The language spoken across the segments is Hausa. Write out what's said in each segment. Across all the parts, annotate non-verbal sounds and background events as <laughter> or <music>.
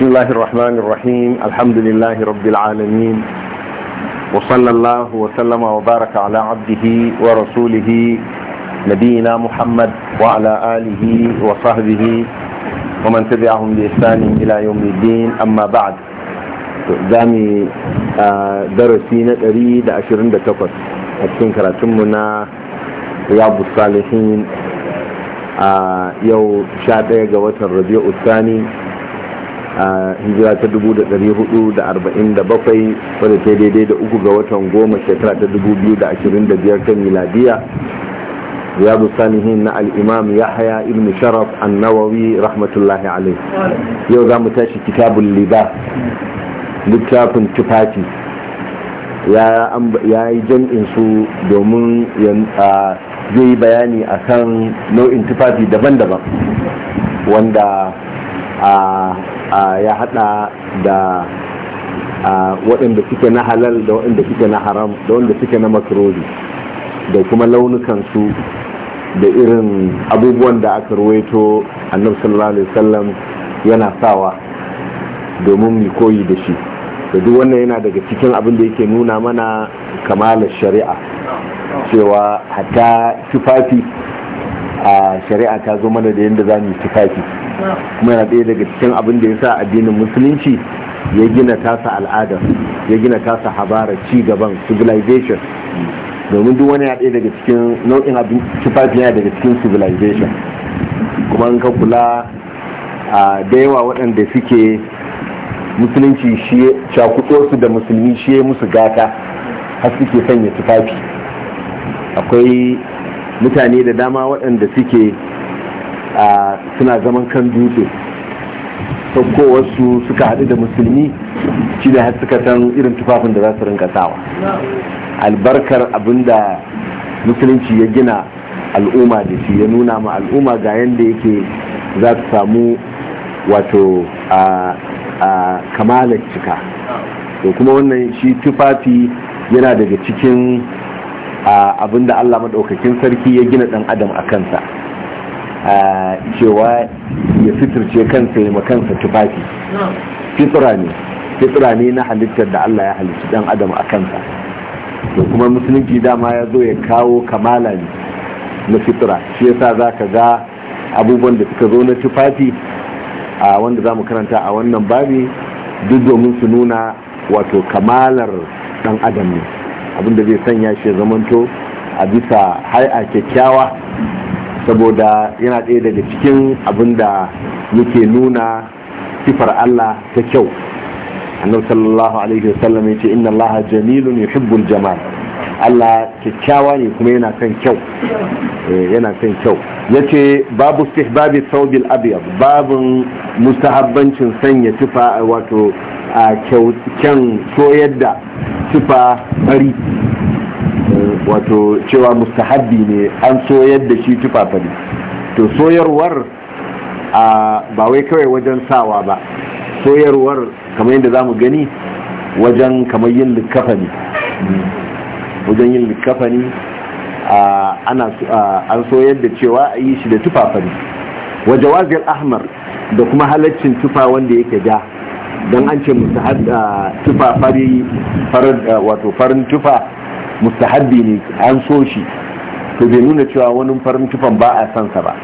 بسم الله الرحمن الرحيم الحمد لله رب العالمين وصلى الله وسلم وبارك على عبده ورسوله نبينا محمد وعلى آله وصحبه ومن تبعهم بإحسان إلى يوم الدين أما بعد دامي آه، درسين أريد أشرين دكتور أتكين كراتمنا رياض الصالحين آه، يو شاد جوات watan الثاني a hijira ta 447 wadda ta daidai da uku ga watan goma shekara ta 2025 ta miladiya riyadu sanihin na al'imam ya haya, ibn sharaf annawawi rahmatullahi alai yau za mu tashi kitabun liba littafin tufafi ya yi jam'in su domin zai yi bayani a kan nau'in tufafi daban-daban wanda ya hada da waɗanda suke na halal da waɗanda suke na haram da waɗanda suke na makaroni da kuma launukansu da irin abubuwan da aka ruwaito annabi sallallahu alaihi wasallam yana sawa domin mu koyi da shi da duk wannan yana daga cikin abin da yake nuna mana kamalar shari'a cewa hatta tufafi a shari'a ta zo mana da yadda za mu yi tufafi kuma yana ɗaya daga cikin abin da ya sa addinin musulunci ya gina tasa al'ada ya gina tasa habara ci gaban civilization domin duk wani ya ɗaya daga cikin nau'in abin tufafi yana daga cikin civilization kuma in ka kula a da yawa waɗanda suke musulunci shi cakuɗo su da musulmi shi ya musu gata har suke sanya tufafi akwai mutane da dama waɗanda suke suna zaman kan dutse wasu suka haɗu da musulmi shi da suka irin tufafin da za su rinka sawa albarkar abinda musulunci ya gina al'umma da shi ya nuna ma al'umma ga yadda yake za su samu wato a kamalar cika to kuma wannan shi tufafi yana daga cikin abinda allah maɗaukakin sarki ya gina ɗan adam a kansa A cewa ya fiturce kansa ya makansa tufafi fitura ne fitura ne na halittar da Allah ya halitta dan adam a kansa To kuma musulunci dama ya zo ya kawo kamala ne na fitura shi yasa za ka ga abubuwan da suka zo na tufafi a wanda za mu karanta a wannan babi duk domin su nuna wato kamalar dan adam ne abinda zai sanya shi zamanto a bisa hai'a kyakkyawa saboda yana ɗaya daga cikin abin da yake nuna sifar Allah ta kyau annabi sallallahu alaihi wasallam ya ce inna Allah jamilun yuhibbul jamal Allah kyakkyawa ne kuma yana kan kyau eh, yana kan kyau yace babu thawb al abyad babun mustahabbancin sanya tufa wato a kyan soyar da tufa bari wato cewa mustahabbi ne an soyar da shi tufafa to soyarwar ba wai kawai wajen sawa ba soyarwar kamar yadda za mu gani wajen kamar yin likafa wajen yin likafa an soyar da cewa a yi shi da tufafa ne waje ahmar da kuma halaccin tufa wanda yake ja don an ce musu tufa tufafari, wato farin tufa mustahabbi ne an so shi to bai nuna cewa wani farin tufan ba a san sa ba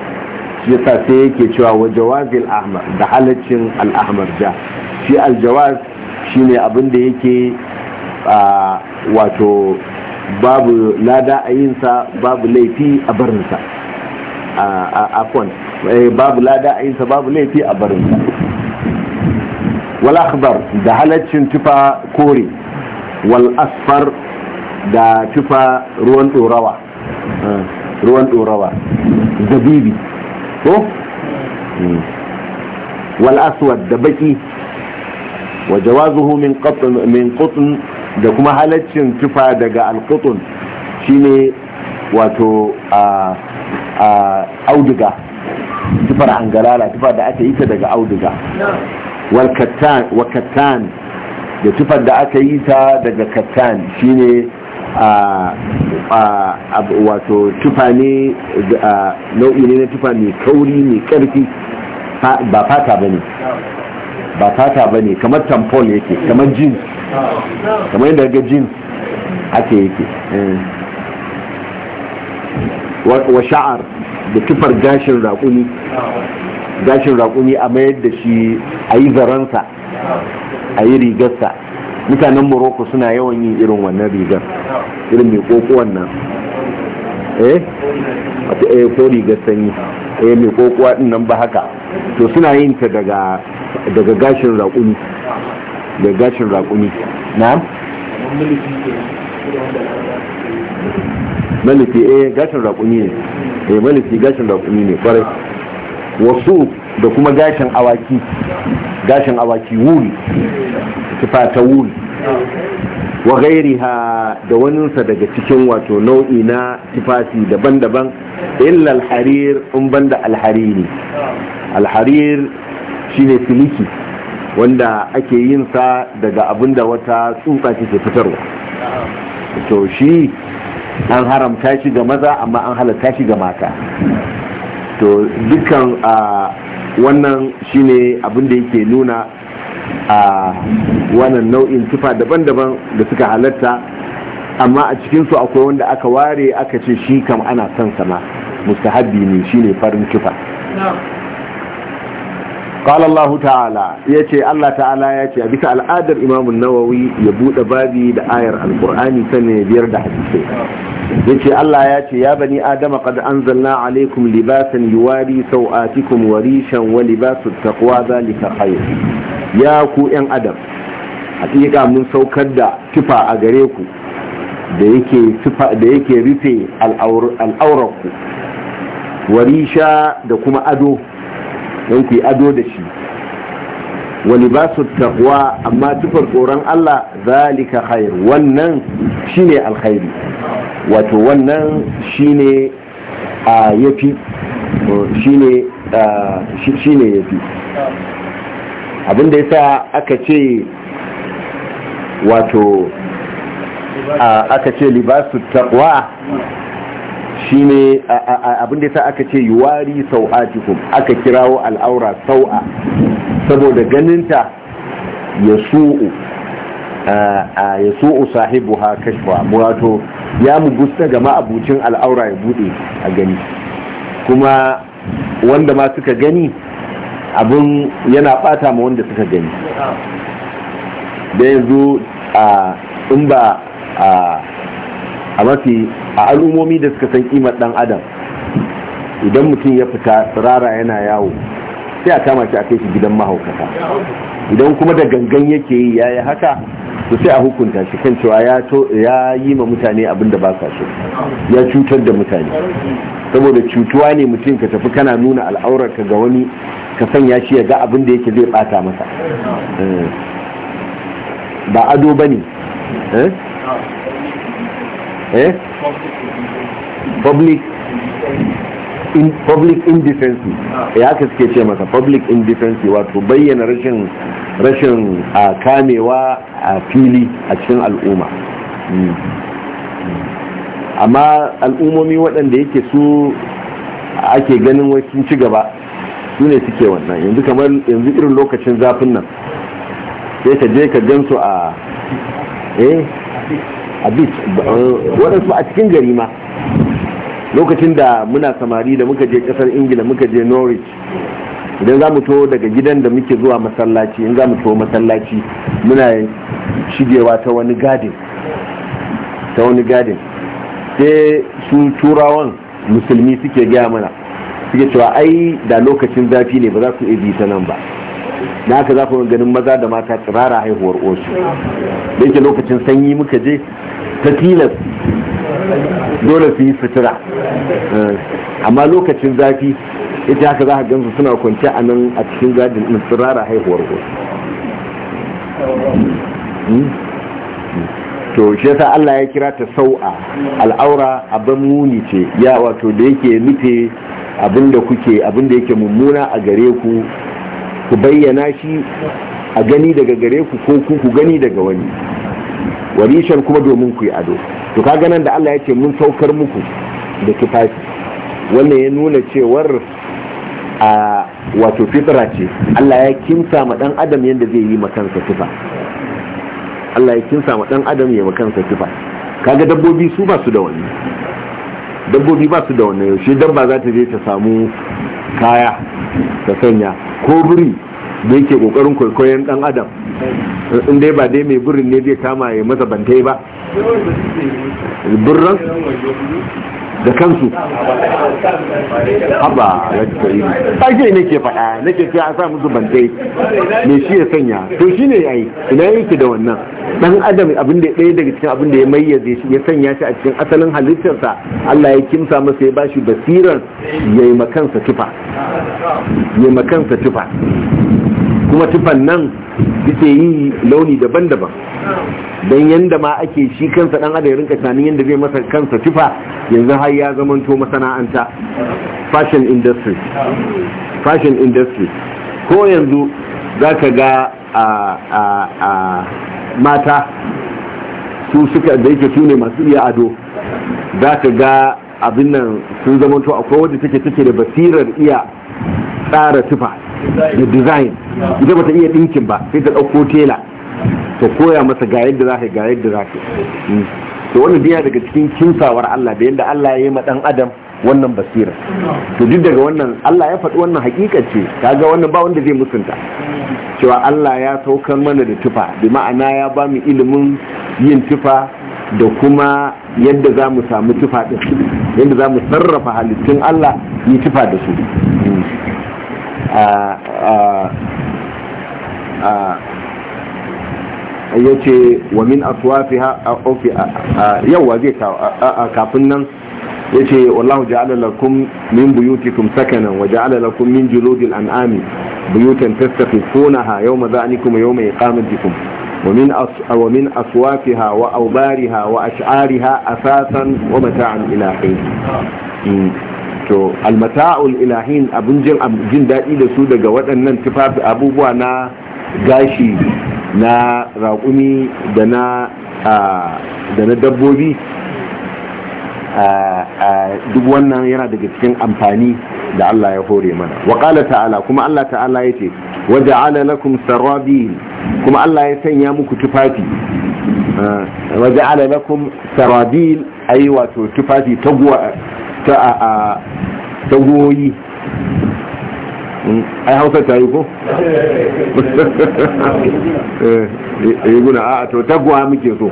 shi yasa sai yake cewa wa jawazil ahmar da halaccin al-ahmar ja shi al-jawaz shine abin da yake wato babu lada a yin sa babu laifi a barin sa afwan eh, babu lada a yin sa babu laifi a barin sa wal akhbar da halaccin tufa kore wal asfar da tufa ruwan dorawa ruwan dorawa zabibi ko hmm. wal aswad da baki wa jawazuhu min qatn min qutn da kuma halaccin tufa daga al shi shine wato a a auduga tufar angalala tufa da aka yi ta daga auduga wal kattan wa kattan da tufar da aka yi ta daga kattan shine wato tufani nau'i ne na tufa mai kauri mai karfi ba fata ba ne ba fata ba ne kamar tampon yake kamar jeans kamar yadda ga jeans ake yake eh. wa sha'ar da tufar gashin raƙuni gashin raƙumi a mayar da shi a yi zaransa a yi rigarsa mutanen morocco suna yawan yin irin wannan rigar irin mai koko wannan eh eh ko rigar sanyi eh mai koko din nan ba haka to suna yin ta daga daga gashin raƙumi daga gashin raƙumi na malifi eh gashin raƙumi ne eh malifi gashin raƙumi ne kwarai wasu da kuma gashin awaki gashin awaki wuri tufata ta wuri wa gairiha da waninsa daga cikin wato nau'i na tufafi daban-daban illa alharir in banda alhariri alharir shine siliki wanda ake yin sa daga abinda wata tsutsa ke fitarwa to shi an haramta shi ga maza amma an halatta shi ga mata to dukkan a ah, wannan shine abin da yake nuna a wannan nau'in tufa daban-daban da suka halatta amma a cikinsu akwai wanda aka ware aka ce shi kam ana son sama mustahabbi ne shine farin tufa qala Allah ta'ala yace Allah ta'ala yace a bisa al'adar Imam nawawi ya buɗe babi da ayar Al-Qur'ani sane biyar da hadisi yace Allah yace ya bani adama qad anzalna alaykum libasan yuwari sawatikum wa rishan wa libasut taqwa zalika khair ya ku yan adam hakika mun saukar da tufa a gare ku da yake tufa da yake rufe al'auranku warisha da kuma ado don ku yi ado da shi wani ba su taɓuwa amma tufar tsoron Allah zalika khair wannan shine alkhairi wato wannan shine a yafi shine shine yafi abinda sa aka ce wato aka ce libasu taqwa shine abin da yasa aka ce yuwari sau'atikum aka kirawo al'aura sau'a saboda ganinta ya su'u sahibu ha kashfa murato ya mu gusta ga ma'abucin al'aura ya bude a gani kuma wanda ma suka gani abin yana bata ma wanda suka gani da yanzu in ba a mafi a al'ummomi da suka san kimar dan adam idan mutum ya fita tsirara yana yawo sai a kama shi a kai shi gidan mahaukata idan kuma da gangan yake yi yayi haka to sai a hukunta shi kan cewa ya to ya yi ma mutane abin da ba sa so ya cutar da mutane saboda cutuwa ne mutum ka tafi kana nuna al'aurar ka ga wani ka sanya shi ya ga abin da yake zai bata masa eh. ba ado bane eh eh public in indecency ya eh, haka suke ce masa public indecency wato bayyana rashin rashin kamewa a fili a cikin al'umma hmm. amma al'ummomi waɗanda yake su ake ganin wai ci gaba su ne suke wannan yanzu kamar yanzu irin lokacin zafin nan sai ka je ka gansu a eh a waɗansu a cikin gari ma lokacin da muna samari da muka je ƙasar ingila muka je norwich idan za mu to daga gidan da muke zuwa masallaci in za mu to masallaci muna shigewa ta wani gadin ta wani gadin sai su turawan musulmi suke gaya mana suke cewa ai da lokacin zafi ne ba za su iya ta nan ba na haka za ku ganin maza da mata tsirara haihuwar osu da yake lokacin sanyi muka je ta tilas dole su yi sutura eh, amma lokacin zafi ita haka za ka gansu suna kwanci a nan a cikin gadin na tsirara haihuwar osu hmm? to shi yasa Allah ya kira ta sau'a al'aura abin muni ce ya wato da yake nufe da kuke abinda yake mummuna a gare ku ku bayyana shi a gani daga gare ku ko ku ku gani daga wani warishar kuma domin ku yi ado to kaga nan da Allah ya ce mun saukar muku da tufafi wannan ya nuna cewar a wato fitra ce Allah ya kimsa ma dan adam yadda zai yi makansa tufa Allah ya kinsa ma dan adam ya makansa tufa kaga dabbobi su ba su da wani dabbobi ba su da wani yaushe dabba za ta je ta samu kaya ka sanya ko biri da yake kokarin kwaikwayon dan adam in dai ba dai mai birin ne zai kama ya masa bantai ba birran da kansu haba ya ji sa'idu ake nake faɗa ke sai a sa musu bantai me shi ya sanya to shi ne ya yi ina yake da wannan dan adam abin da ɗaya daga cikin abin da ya mayyaze ya sanya shi a cikin asalin halittarsa Allah ya kimsa masa ya bashi basirar yayi makansa tufa kuma tufan nan suke yi launi daban-daban don yadda ma ake shi kansa dan adam rinka tunanin yadda zai masa kansa tufa yanzu har ya zamanto masana'anta fashion industry fashion industry ko yanzu za ka ga mata su suka da yake su ne masu iya ado za ka ga abin nan sun zamanto akwai wadda take take da basirar iya tsara tufa da design ita bata iya ɗinkin ba sai ta ɗauko tela ta koya masa ga yadda za ka ga yadda za ka to wannan biya daga cikin kinsawar Allah da yadda Allah ya yi ma dan adam wannan basira to duk daga wannan Allah ya faɗi wannan hakika ce kaga wannan ba wanda zai musunta cewa Allah ya saukar mana da tufa bi ma'ana ya ba mu ilimin yin tufa da kuma yadda za mu samu tufa din yadda za mu sarrafa halittun Allah yi tufa da su ya ce wa min aswafi ha a ofi yauwa zai kafin nan ya ce wallahu ja'ala lakum min buyutikum sakanan wa ja'ala lakum min juludil an'ami buyutan testa suna ha yau yau maza ni tastafifunaha yawma za'nikum wa min ha yawma iqamatikum ومن ومن اصوافها واوبارها واشعارها اساسا ومتاعا ila حين to almata'ul ilahin abin jin daɗi da su daga waɗannan tufafi abubuwa na gashi na raƙumi da na da na dabbobi duk wannan yana daga cikin amfani da Allah ya hore mana wa qala ta'ala kuma Allah ta'ala yace wa ja'ala lakum sarabil kuma Allah ya sanya muku tufafi wa ja'ala lakum sarabil ayi wato tufafi taguwa ta a a tagoyi mm, ai hausa ta yi ko? yi <laughs> eh, eh, eh, guna a to taguwa muke so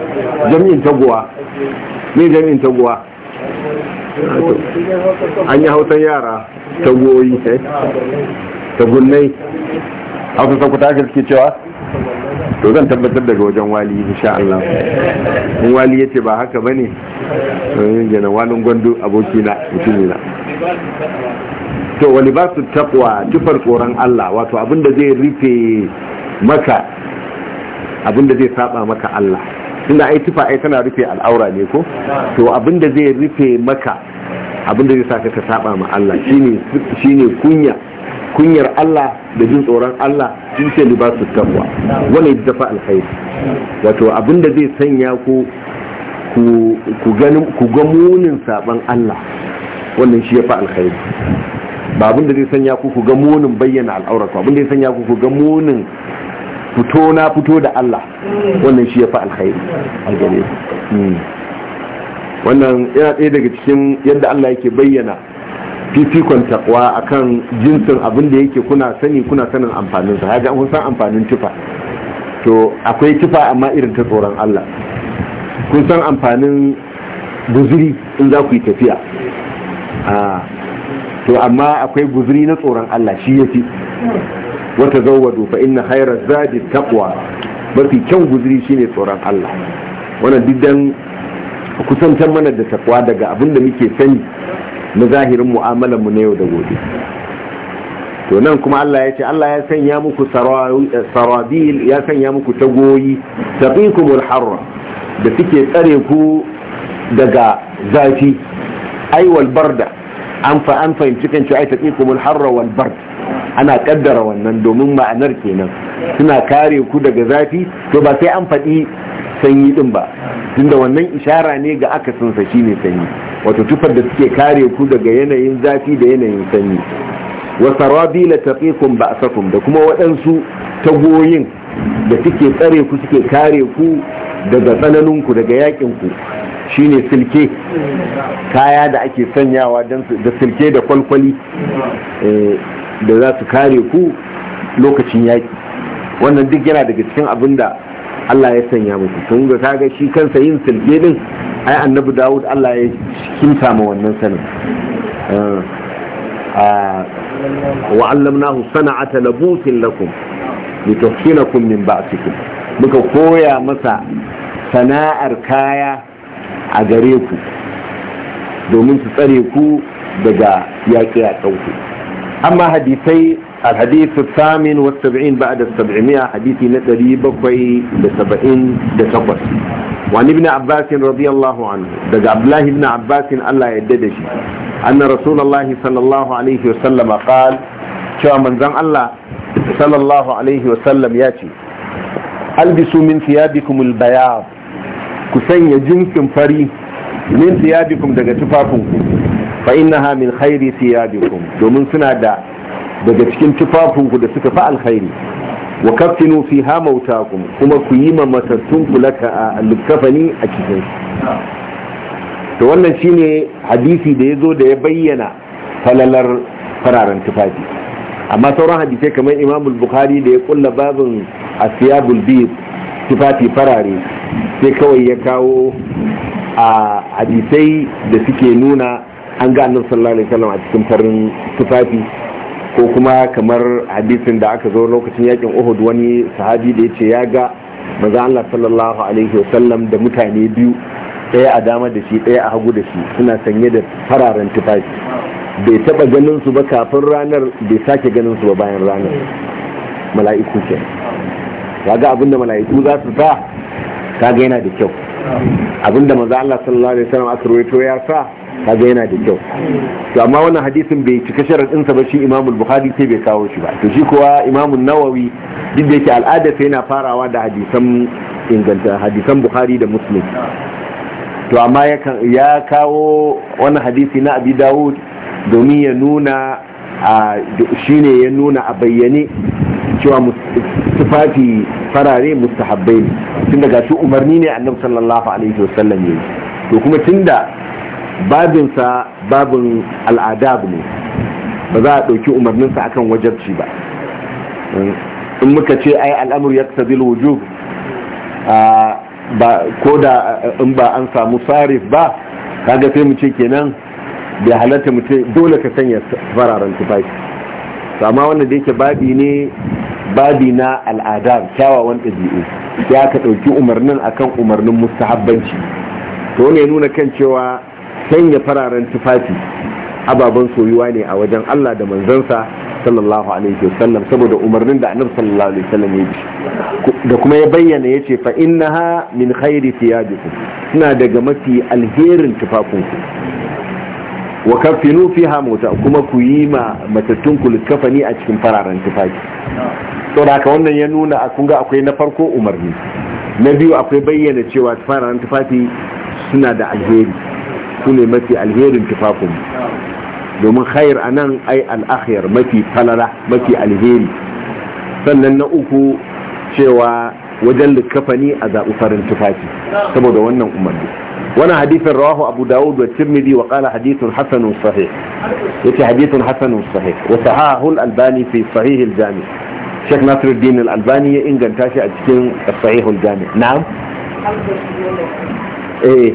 jami'in taguwa ne jami'in taguwa ah, an yi hausan yara taguwoyi tagunnai hausa sakuta ake suke cewa to zan tabbatar daga wajen wali insha Allah in wali yace ba haka bane to yin gina walin gondo aboki na mutumi na to wali ba su taqwa tufar tsoron Allah wato abinda zai rufe maka abinda zai saba maka Allah tunda ai tufa ai tana rufe al'aura ne ko to abinda zai rufe maka abinda zai saka ka saba ma Allah shine shine kunya kunyar Allah da jin tsoron Allah sun ce libasu taqwa wani ita fa alkhairi wato abinda zai sanya ku ku ganin ku ga munin saban Allah wannan shi ya fa alkhairi ba abinda zai sanya ku ku ga munin bayyana al'aura ku abinda zai sanya ku ku ga munin fito na fito da Allah wannan shi ya fa alkhairi hmm. wannan yana ɗaya daga cikin yadda Allah yake bayyana fifikon takwa akan jinsin abin da yake kuna sani kuna sanin amfanin sa haja kun san amfanin tufa to akwai tufa amma irin ta tsoron Allah kun san amfanin guzuri in za ku yi tafiya to amma akwai guzuri na tsoron Allah shi yafi wata zawwadu fa inna khayra zadi taqwa mafi kyan guzuri shine tsoron Allah wannan diddan kusantar mana da takwa daga abin da muke sani na zahirin mu'amalar mu na yau da gobe to nan kuma Allah ya ce Allah ya sanya muku eh, sarabil ya sanya muku tagoyi taqikumul harra da suke tsare ku daga zafi ai wal barda an fa an fahimci kan ci ai taqikumul harra wal bard ana kaddara wannan domin ma'anar kenan suna kare ku daga zafi to ba sai an faɗi sanyi din ba tunda wannan ishara ne ga akasin sa shine sanyi wato tufar da suke kare ku daga yanayin zafi da yanayin sanyi wa la taqikum ba'sakum da kuma waɗansu tagoyin da suke tsare ku suke kare ku daga tsananin ku daga yakin ku shine silke kaya da ake sanyawa dan da silke da kwalkwali eh, da za su kare ku lokacin yaki wannan duk yana daga cikin abin da Allah ya sanya musu tun ga kaga shi kansa yin silke din ai annabi Dawud Allah ya kinta ma wannan sanin ah, ah, wa allamnahu sana'ata labusin lakum litukhinakum min ba'sikum muka koya masa sana'ar kaya a gare ku domin su tsare ku daga yaƙi a ɗauku amma hadisai الحديث الثامن والسبعين بعد السبعمائة حديث نتري بقي بسبعين دسقر وعن ابن عباس رضي الله عنه دج عبد الله بن عباس الله يددش أن رسول الله صلى الله عليه وسلم قال شو من زم الله صلى الله عليه وسلم ياتي ألبسوا من ثيابكم البياض كسين جنس فري من ثيابكم دج تفاكم fa innaha min khairi thiyabikum domin suna da daga cikin tufafinku da suka fa alkhairi wa kaffinu fiha mautakum kuma ku yi ma matattun ku laka lukafani a cikin to wannan shine hadisi da ya zo da ya bayyana falalar fararen tufafi amma sauran hadisai kamar Imam bukhari da ya kulla babin asiyabul bid tufafi farare sai kawai ya kawo a hadisai da suke nuna an ga annabi sallallahu alaihi wasallam a cikin farin tufafi ko kuma kamar hadisin da aka zo lokacin yakin Uhud wani sahabi da yace ya ga manzo Allah sallallahu alaihi wasallam da mutane biyu ɗaya a dama da shi ɗaya a hagu da shi suna sanye da fararen tufafi bai taba ganin su ba kafin ranar bai sake ganin su ba bayan ranar mala'iku ke kaga abinda mala'iku za su sa kaga yana da kyau abinda manzo Allah sallallahu alaihi wasallam aka rawaito ya sa kaga yana da kyau to amma wannan hadisin bai cika sharadin sa ba shi Imam Bukhari sai bai kawo shi ba to shi kuwa Imam Nawawi duk da yake al'ada sai yana farawa da hadisan inganta hadisan Bukhari da Muslim to amma ya kawo wannan hadisi na Abi Dawud domin ya nuna shine ya nuna a bayyane cewa tufafi farare mustahabbai ne tun daga su umarni ne annabi sallallahu alaihi wasallam ne to kuma tunda babinsa babin al'adab ne ba za a ɗauki umarninsa akan wajabci ba in muka ce ai al'amur ya tsadil wujub ba ko da in ba an samu sarif ba kaga sai mu ce kenan bai halatta mu ce dole ka sanya fararen tufafi amma wanda da yake babi ne babi na al'ada kyawawan ɗabi'u ya ka ɗauki umarnin akan umarnin mustahabbanci to ne nuna kan cewa sanya fararen tufafi ababen soyuwa ne a wajen Allah da manzansa sallallahu alaihi wasallam saboda umarnin da annabi sallallahu alaihi wasallam ya bi da kuma ya bayyana yace fa innaha min khairi thiyabikum suna daga mafi alherin tufafinku wa kafinu fiha mota kuma ku yi ma matattun ku kafani a cikin fararen tufafi da ka wannan ya nuna a ga akwai na farko umarni na biyu akwai bayyana cewa fararen tufafi suna da alheri su ne mafi alherin tufafin domin khair a nan ai al'akhir mafi falala mafi alheri sannan na uku cewa wajen likafani a zaɓi farin tufafi saboda wannan umarni Wani hadithin rawahu abu dawud wa tirmidhi wa qala hadithun hasanun sahih yace hadithun hasanun sahih wa sahahu al-albani fi sahih al-jami Sheikh Nasiruddin al-Albani ya inganta shi a cikin sahih al-jami na'am eh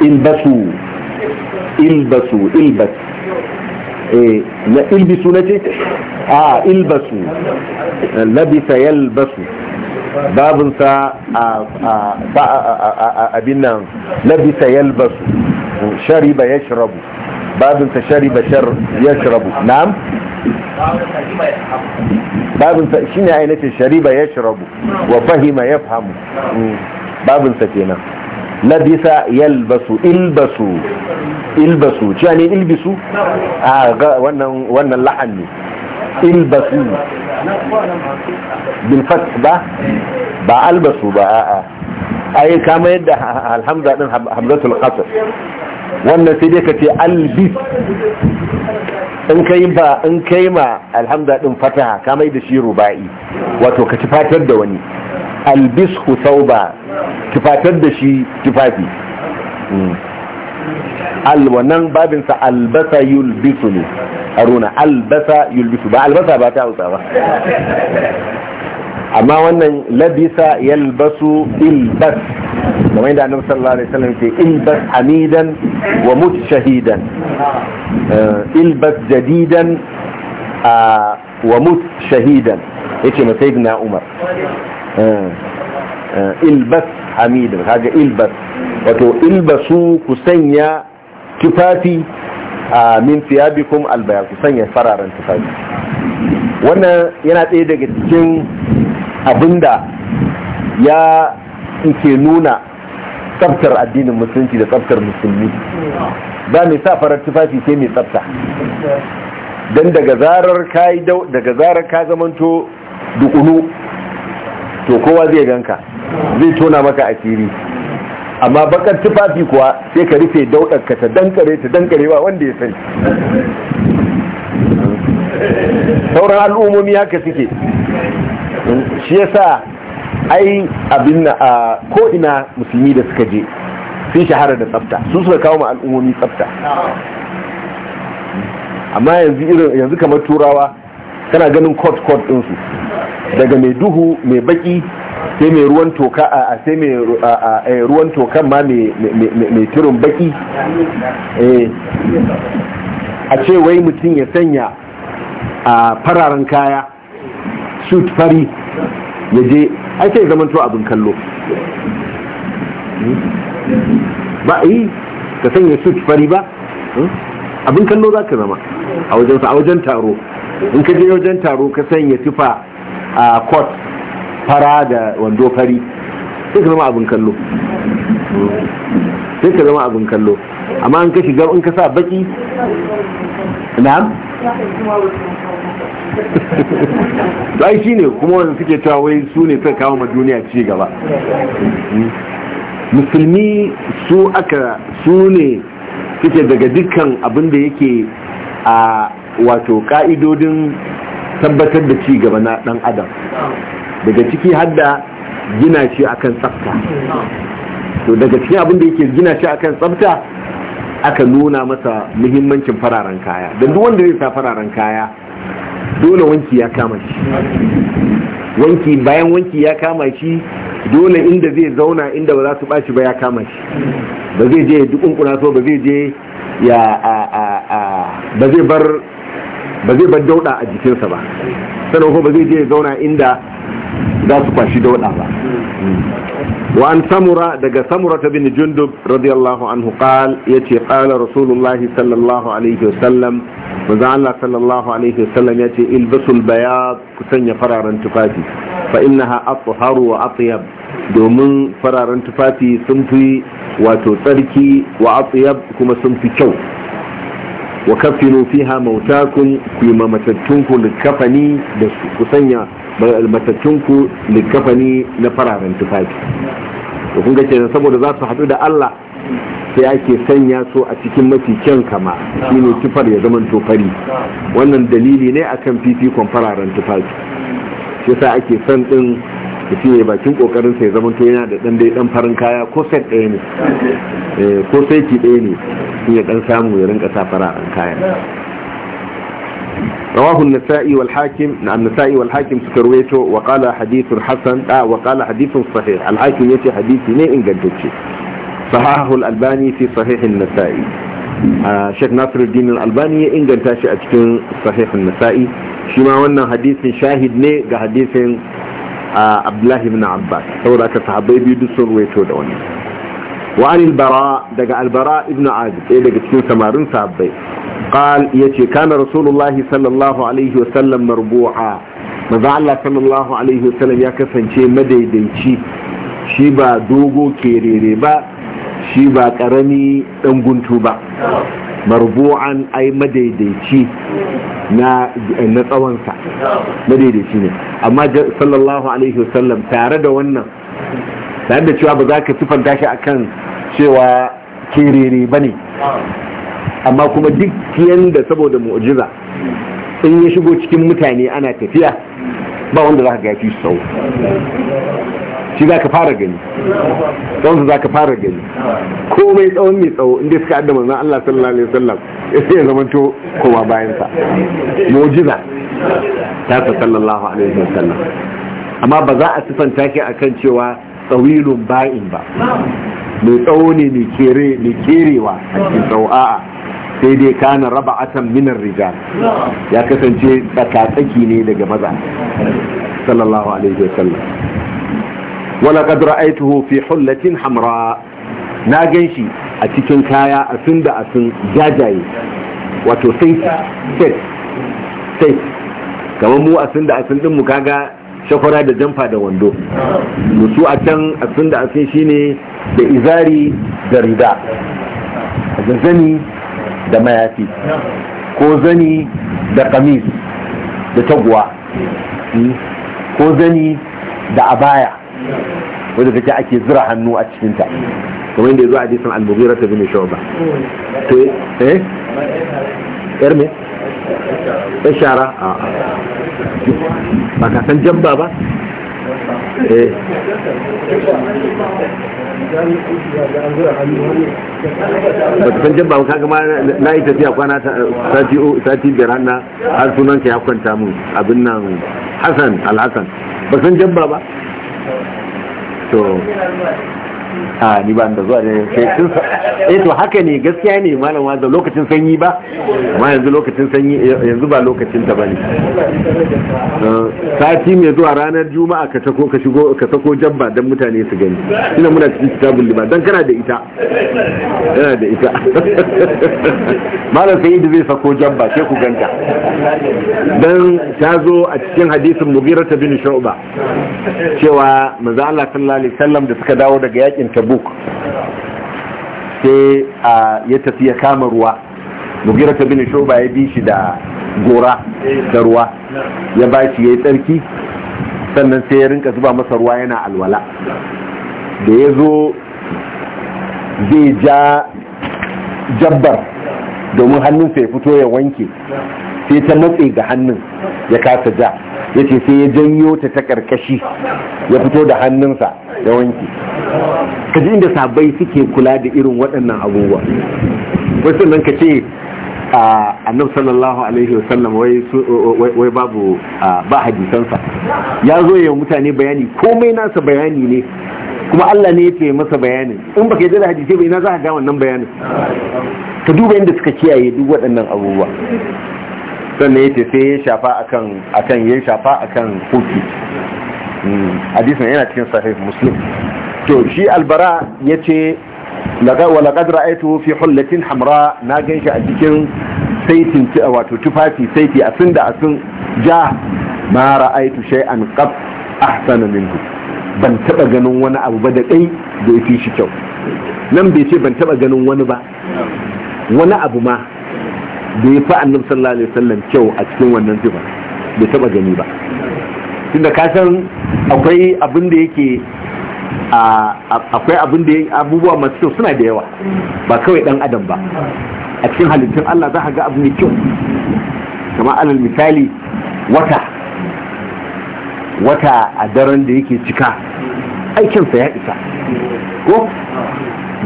in basu ilbasu ilbas eh na ilbisu nace a ilbasu labisa yalbasu babun sa a abin nan labisa yalbasu shariba ya babin Babinsa shariba shar yashrabu na'am Babinsa shi shine ai nace shariba yashrabu wa fahima ya babin hmm. Babinsa kenan labisa yalbasu ilbasu ilbasu cewa ne ilbisu a wannan wannan la'an ne ilbasu bilfat ba ba albasu ba a'a ai kama yadda alhamza din hamzatul qasr wannan sai dai ka ce albis in kai ba in kai ma alhamza din fataha kama yadda shi rubai wato ka ci fatar da wani albishu sauba tufatar da shi tufafi hmm. alwanan babinsa albasa yulbisu ne aruna albasa yulbisu ba albasa ba ta hausa ba amma wannan labisa yalbasu ilbas kamar yadda annabi sallallahu alaihi wasallam ce ilbas hamidan wa mut shahidan eh, ilbas jadidan ah, wa mut shahidan yace ma sayyidina umar Eh, eh, ilbas hamid kaga ilbas wato ilbasu ku sanya tufafi a min fiyabikum albaya ku sanya fararen tufafi wannan yana ɗaya daga cikin abinda ya ke nuna tsabtar addinin musulunci da tsabtar musulmi ba mai sa farar tufafi sai mai tsafta. don zarar ka daga zarar ka zamanto dukunu to kowa zai ganka zai tona maka asiri amma bakar tufafi kuwa sai ka rufe daudarka ta dankare ta dankare ba wanda ya sani sauran al'ummomi haka suke shi yasa ai abin a ko'ina musulmi da suka je sun shahara da tsafta sun suka kawo ma al'ummomi tsafta amma yanzu kamar turawa kana ganin court court su. daga mai duhu mai baki sai mai ruwan toka a sai mai eh, ruwan tokan ma mai turin baki eh. a ce wai mutum ya sanya a fararen kaya suit fari ya je ai sai to abin kallo ba yi eh, ka sanya suit fari ba hmm? abin kallo za ka zama a wajen taro in ka je wajen taro ka sanya tufa a court fara da wando fari sai ka zama abin kallo sai ka zama abin kallo amma in ka shiga in ka sa baki na'am ai shi ne kuma wanda suke cewa wai su ne suka kawo ma duniya ci gaba musulmi su aka su ne suke daga dukkan abin da yake a wato ka'idodin tabbatar da ci gaba na dan adam daga ciki hadda gina shi akan tsafta to daga cikin abin da yake gina shi akan tsafta aka nuna masa muhimmancin fararen kaya dan duk wanda zai sa fararen kaya dole wanki ya kama shi wanki bayan wanki ya kama shi dole inda zai zauna inda ba za su bashi ba ya kama shi ba zai je duk so ba zai je ya a a a ba zai bar ba zai bar dauda a jikinsa ba sannan kuma ba zai je zauna inda za su kwashi dauda ba wa an samura daga samura ta bin jundub radiyallahu anhu qal ce qala rasulullahi sallallahu alaihi wasallam manzo Allah sallallahu alaihi wasallam ce ilbasul bayad ku sanya fararen tufafi fa innaha atharu wa atyab domin fararen tufafi sun fi wato tsarki wa atyab kuma sun fi kyau wa kafinu fiha mautakum ku yi matattunku likafani da su ku sanya matattunku likafani na fararen tufafi to kun ga saboda za su haɗu da Allah sai ake sanya su a cikin mafi kyan kama shine kifar ya zama tofari wannan dalili ne akan fifikon fararen tufafi shi ake san ɗin. mutum ya bakin kokarin sai zama to yana da dan dai dan farin kaya ko set ɗaya ne ko seti ɗaya ne in ya dan samu ya rinka sa fara'an kaya رواه النسائي والحاكم نعم النسائي والحاكم سكرويته وقال حديث حسن آه وقال حديث صحيح الحاكم يتي حديثي ني إن صححه الألباني في صحيح النسائي آه شيخ ناصر الدين الألباني إن قدتشي صحيح النسائي شما وانا حديث شاهد ني حديث a abdullahi ibn abbas saboda aka sahabbai biyu duk sun ruwaito da wani. wa an albara daga albara ibn azib ɗaya daga cikin samarin sahabbai qal yace kana rasulullahi sallallahu alaihi wa sallam marbu'a manzo Allah sallallahu alaihi wa sallam ya kasance madaidaici shi ba dogo kerere ba shi ba karami dan guntu ba marbu'an ai madaidaici na na tsawonsa madaidaici ne amma sallallahu alaihi wasallam tare da wannan tare da cewa ba za ka sifanta shi akan cewa kerere ba ne amma kuma duk da saboda mu'jiza in ya shigo cikin mutane ana tafiya ba wanda za ka gafi sau shi za ka fara gani tsawonsa za ka fara gani komai tsawon mai tsawo inda suka adda manzan Allah sallallahu alaihi wasallam ya sai ya zamanto kowa bayansa mojiza ta sa sallallahu alaihi wasallam amma ba za a sifanta shi kan cewa tsawilun ba'in ba mai tsawo ne mai kere mai kerewa a cikin tsawo a'a sai dai kana raba atan minar rijal ya kasance tsakatsaki ne daga maza sallallahu alaihi wasallam wala kadra aituhu fi hullatin hamra na ganshi a cikin kaya a sun da a sun jajaye wato sai set sai kamar mu a sun da a sun din mu kaga shakwara da jamfa da wando musu a can a sun da a sun shine da izari da rida da zani da mayafi ko zani da kamis da taguwa ko zani da abaya wadda take ake zira hannu a cikinta kamar yadda ya zo a hadisin al-mughira ta bin ba, to eh yar me ya shara a ba ka san jamba ba eh ba ka san jamba ba kaga ma na yi tafiya kwana sati biyar hannu har ka ya kwanta mun abin nan hassan al-hassan ba san jamba ba to a ni ba da zuwa da sai eh to haka ne gaskiya ne malam wa da lokacin sanyi ba amma yanzu lokacin sanyi yanzu ba lokacin ta bane uh, sati mai zuwa ranar juma'a ka tako ka shigo ka tako jabba dan mutane su gani ina muna cikin kitabul liba dan kana da ita yana da ita <laughs> malam sayyid zai sako jabba sai ku ganta dan ta zo a cikin hadisin mughirah bin shu'ba cewa manzo Allah sallallahu alaihi wasallam da suka dawo daga yakin tabuk tabuk sai a ya tafi ya kama ruwa mugira ta bin shoba ya bi shi da gora da ruwa ya ba shi ya yi tsarki sannan sai ya rinka zuba masa ruwa yana alwala da ya zo zai ja jabbar domin hannunsa ya fito ya wanke sai ta matse ga hannun ya kasa ja ya ce sai ya janyo ta ta karkashi ya fito da hannunsa da wanki Ka ji inda sabai suke kula da irin waɗannan abubuwa wasu nan ka ce annab sallallahu alaihi wasallam wai babu ba hadisansa ya zo ya mutane bayani komai nasa bayani ne kuma Allah ne yake masa bayani, in baka yi da hadisai ba ina za ka ga wannan bayanin ka duba inda suka kiyaye duk waɗannan abubuwa sannan yace sai ya shafa akan akan ya shafa akan kofi hmm, hadisi yana cikin sahih muslim to shi albara yace wa laqad ra'aytuhu fi hullatin hamra na ganshi a cikin saitin wato tufafi saiti a sun da a sun ja ma ra'aytu shay'an qab ahsana minhu ban taba ganin wani abu ba da kai da yafi shi kyau nan bai ce ban taba ganin wani ba wani abu ma da ya fi annabi sallallahu alaihi wasallam kyau a cikin wannan sifar bai taba gani ba tunda ka san akwai abin da yake akwai abin da abubuwa masu kyau suna da yawa ba kawai dan adam ba a cikin halittun Allah za ka ga abin mai kyau kamar alal misali wata wata a daren da yake cika aikinsa ya isa ko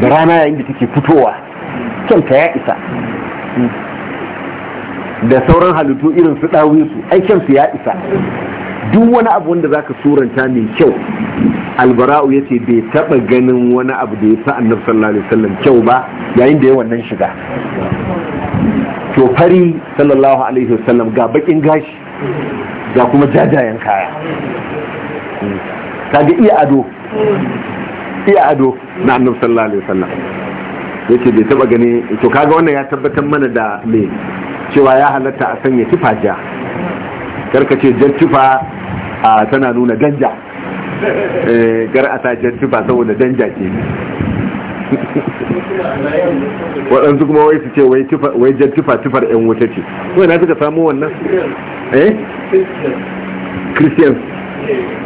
da rana yayin da take fitowa kyanta ya isa da sauran halittu irin su aikin aikinsu ya isa duk wani abu wanda zaka suranta mai kyau albara'u yace bai taba ganin wani abu da ya fi annabi sallallahu alaihi wasallam kyau ba yayin da ya wannan shiga to fari sallallahu alaihi wasallam ga bakin gashi ga kuma jajayen kaya kaga iya ado iya ado na annabi sallallahu alaihi wasallam yace bai taba gani to kaga wannan ya tabbatar mana da me cewa ya halatta a sanya tufa ja karka ce jan tufa tana nuna danja gar eh, a sa jan tufa saboda danja ce waɗansu kuma wai su ce wai jan tufa tufar yan wuta ce wai na suka samu wannan eh christian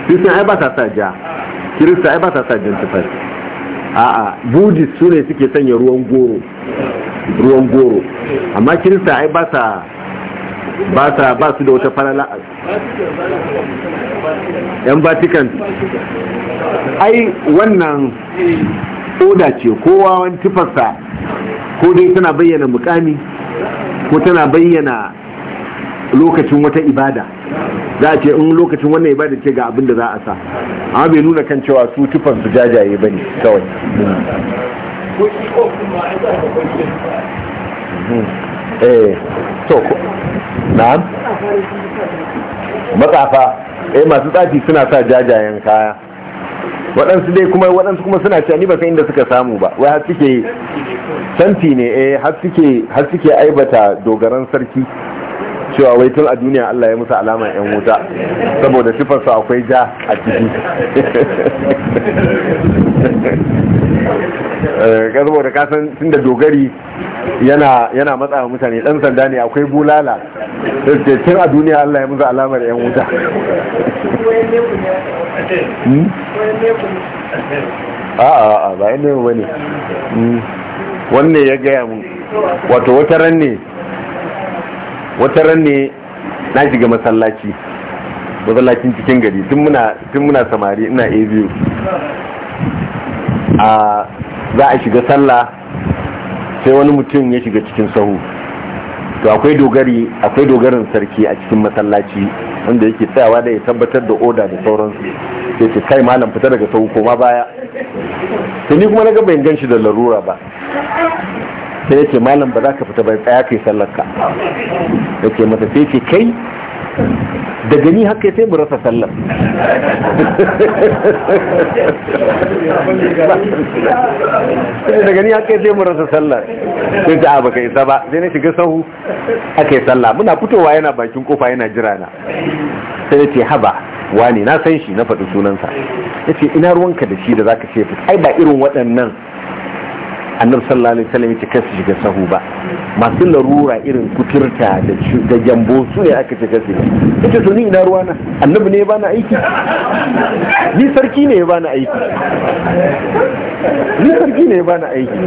christian ai ba sa sa ja kirista ai ba sa sa jan tufa a'a budist su ne suke sanya ruwan goro ruwan goro amma kirista ai ba sa ba sa ba su da wata farala yan vatican ai wannan oda ce kowa wani tufarsa ko dai tana bayyana mukami ko tana bayyana lokacin wata ibada za a ce in lokacin wannan bada ce ga abin da za a sa amma bai nuna kan cewa su tufan su jajaye ba ne kawai eh to na'am matsafa eh masu tsafi suna sa jajayen kaya waɗansu dai kuma waɗansu kuma suna cewa ni ba san inda suka samu ba wai har suke santi ne eh har suke har suke aibata dogaran sarki cewa wai tun a duniya Allah ya musu alama yan wuta saboda sifarsa akwai ja a ciki eh, saboda kasan tun da dogari yana matsa wa mutane dan sanda ne akwai bulala sai tun a duniya Allah ya musu alamar yan wuta hmm? a'a ba ne hmm. wanne ya gaya mu wato wata ran ne wata ran ne na shiga masallaci masallacin cikin gari tun muna samari ina a biyu a za a shiga sallah sai wani mutum ya shiga cikin sahu to akwai dogari akwai dogarin sarki a cikin masallaci wanda yake tsayawa da ya tabbatar da oda da sauransu sai ce kai malam fita daga sahu koma baya to ni kuma na ga ban gan shi da larura ba sai yace malam ba za ka fita ba tsaya kai sallar ka yace mata sai ce kai da gani haka sai mu rasa sallar da gani haka sai mu rasa sallar sai ta baka isa ba sai na shiga sahu aka sallah muna fitowa yana bakin kofa yana jira na sai ya ce haba wani na san shi na faɗi sunansa yace ce ina ruwanka da shi da zaka ce ai ba irin waɗannan annabi sallallahu alaihi wasallam yake kasu shiga sahu ba masu larura irin kuturta da da jambo su ne aka ce kasu yace to ni ina ruwa na annabi ne ya bani aiki ni sarki ne ya bani aiki ni sarki ne ya bani aiki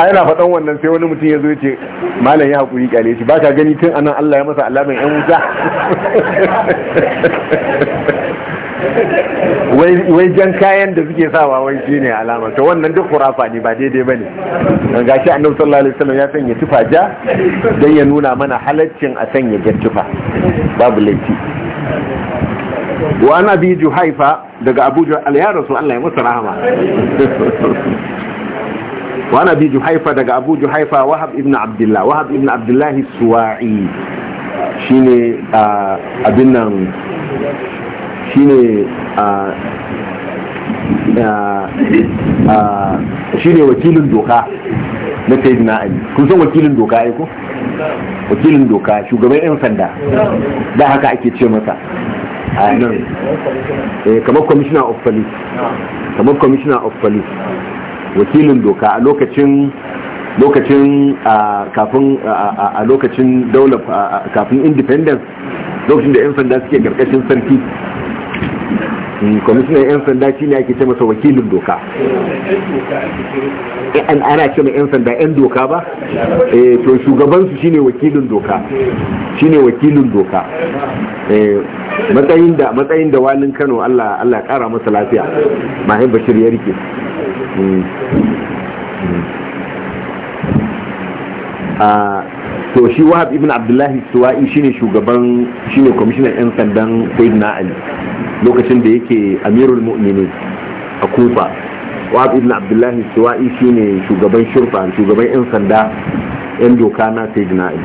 a na faɗan wannan sai wani mutum ya zo yace malam ya hakuri kale shi baka gani tun anan Allah ya masa alamin yan wuta <laughs> wai jan kayan da suke sawa wai shi ne alama to wannan duk kurafa ne ba daidai ba ne ga shi annabi sallallahu alaihi wasallam ya sanya tufa ja don ya nuna mana halaccin a sanya jan tufa babu laifi wa nabi juhaifa daga abuja al ya su Allah ya masa rahama <laughs> wa nabi juhaifa daga abu juhaifa wahab ibn abdullah wahab ibn abdullah suwa'i shine ah, abin nan shine shine wakilin doka na na ali kun san wakilin doka ai ko wakilin doka shugaban yan sanda da haka ake ce masa a nan eh, kamar commissioner of police kamar commissioner of police wakilin doka a lokacin lokacin kafin a lokacin daular kafin independence lokacin da 'yan sanda suke karkashin sarki Eh, kwamishinan 'yan sanda shi ne ake ce masa wakilin doka eh, ana ce mai 'yan sanda 'yan doka ba eh, to shugabansu shi ne wakilin doka shi ne wakilin doka matsayin da walin kano allah kara masa lafiya mahin bashir ya rike hmm. hmm. a ah, to shi wahab ibn abdullahi suwa'i shine shugaban shine kwamishinan yan sandan sayyidina ali lokacin da yake amirul mu'mini a kufa wahab ibn abdullahi suwa'i shine shugaban shurfa shugaban yan sanda yan doka na sayyidina ali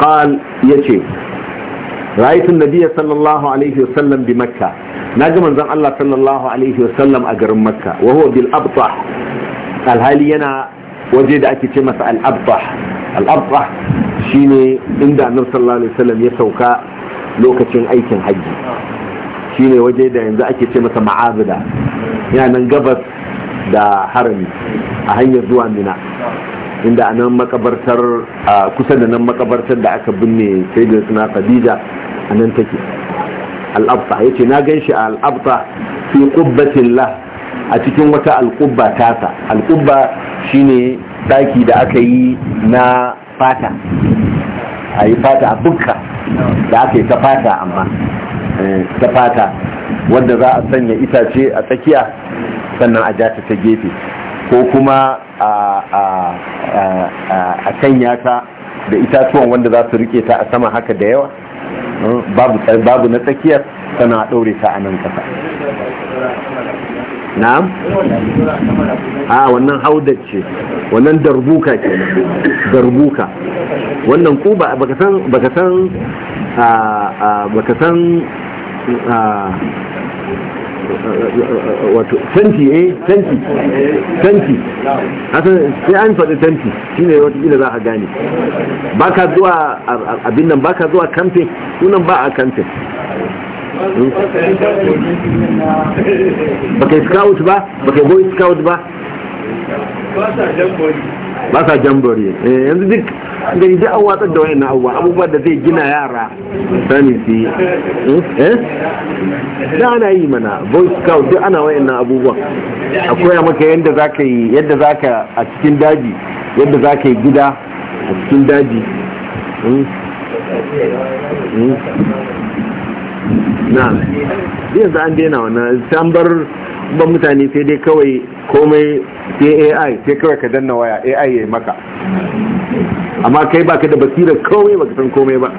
ce, yace ra'aytu nabiyya sallallahu alaihi wasallam bi makka, na ji manzon Allah sallallahu alaihi wasallam a garin makka wa huwa bil abtah alhali yana waje da ake ce masa al abtah al'abba shine inda annabi sallallahu alaihi wasallam ya sauka lokacin aikin hajji shine waje da yanzu ake ce masa ma'abida yana nan gabas da harami a hanyar zuwa mina inda a makabartar kusa da nan makabartar da aka binne sai da suna khadija a nan take al'abta ya ce na gan shi a al'abta fi kubbatin la a cikin wata al'ubba tasa al'ubba shine daki da aka yi na fata a yi fata a bukka da aka yi ta fata amma eh, ta fata wanda za a sanya itace a tsakiya sannan a ja ta gefe ko kuma a sanya ta da itatuwan wanda za su rike ta a sama haka da yawa hmm, babu na tsakiyar sana a ɗaure ta a nan kasa. na'am a wannan haudar ce wannan darbuka ce darbuka wannan ku ba baka san baka san baka san wato tanti eh tanti tanti sai an faɗi tanti shine wata kila za a gane ba ka zuwa abin nan ba ka zuwa kamfe sunan ba a kamfe baka yi scout ba baka yi boy scout ba ba sa jambori eh, yanzu duk da yi an watsar da wani abubuwa abubuwa da zai gina yara sani si yi eh? Eh? da ana yi mana boy scout duk ana wayan abubuwa a koya maka yadda za ka yi yadda za ka a cikin daji yadda za ka yi gida a cikin daji hmm? Hmm? na yanzu an daina wannan an bar ban mutane sai dai kawai komai sai ai sai kawai ka danna waya ai ya maka amma kai ka da basirar komai ka san komai ba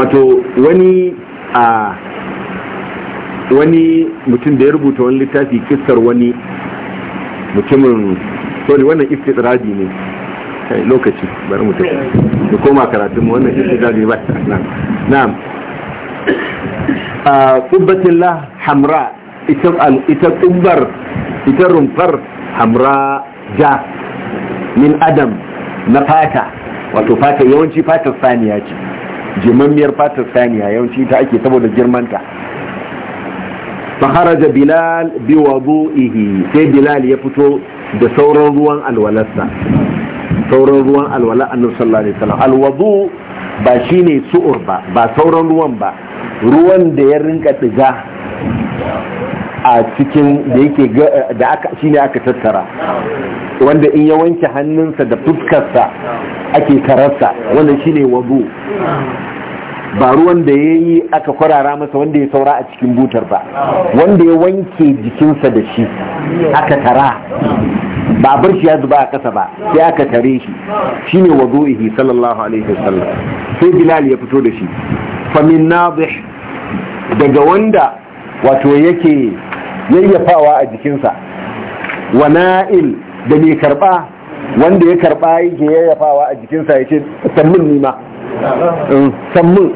wato wani a wani mutum da ya rubuta wani littafi kistar wani mutumin sorry wannan istidradi ne lokaci bari mutum da koma karatun wannan istidradi ba na. ƙubbatillah <coughs> ah, hamra ita ƙubbar ita rumfar hamra ja min adam na fata wato fata yawanci fata saniya ce jimammiyar fata saniya yawanci ta ake saboda girmanta faharaja bilal biwadu'ihi sai bilal ya fito da sauran ruwan alwalarsa sauran ruwan alwala annabi sallallahu alaihi wasallam alwabu ba shine su'ur ba ba sauran ruwan ba ruwan da ya rinka diga a cikin da yake da aka shine aka tattara wanda in ya wanke hannunsa da fuskarsa ake tararsa wanda shine wabu ba ruwan da ya yi aka kwarara masa wanda ya saura a cikin butar ba wanda ya wanke jikinsa da shi aka tara ba bar shi ya zuba a ƙasa ba sai aka tare shi shine wadu'ihi sallallahu alaihi wasallam sai bilal ya fito da shi famin nazih daga wanda wato yake yayyafawa a jikinsa wa na'il da mai karba wanda ya karba yake yayyafawa a jikinsa yake sammin nima mm, sammin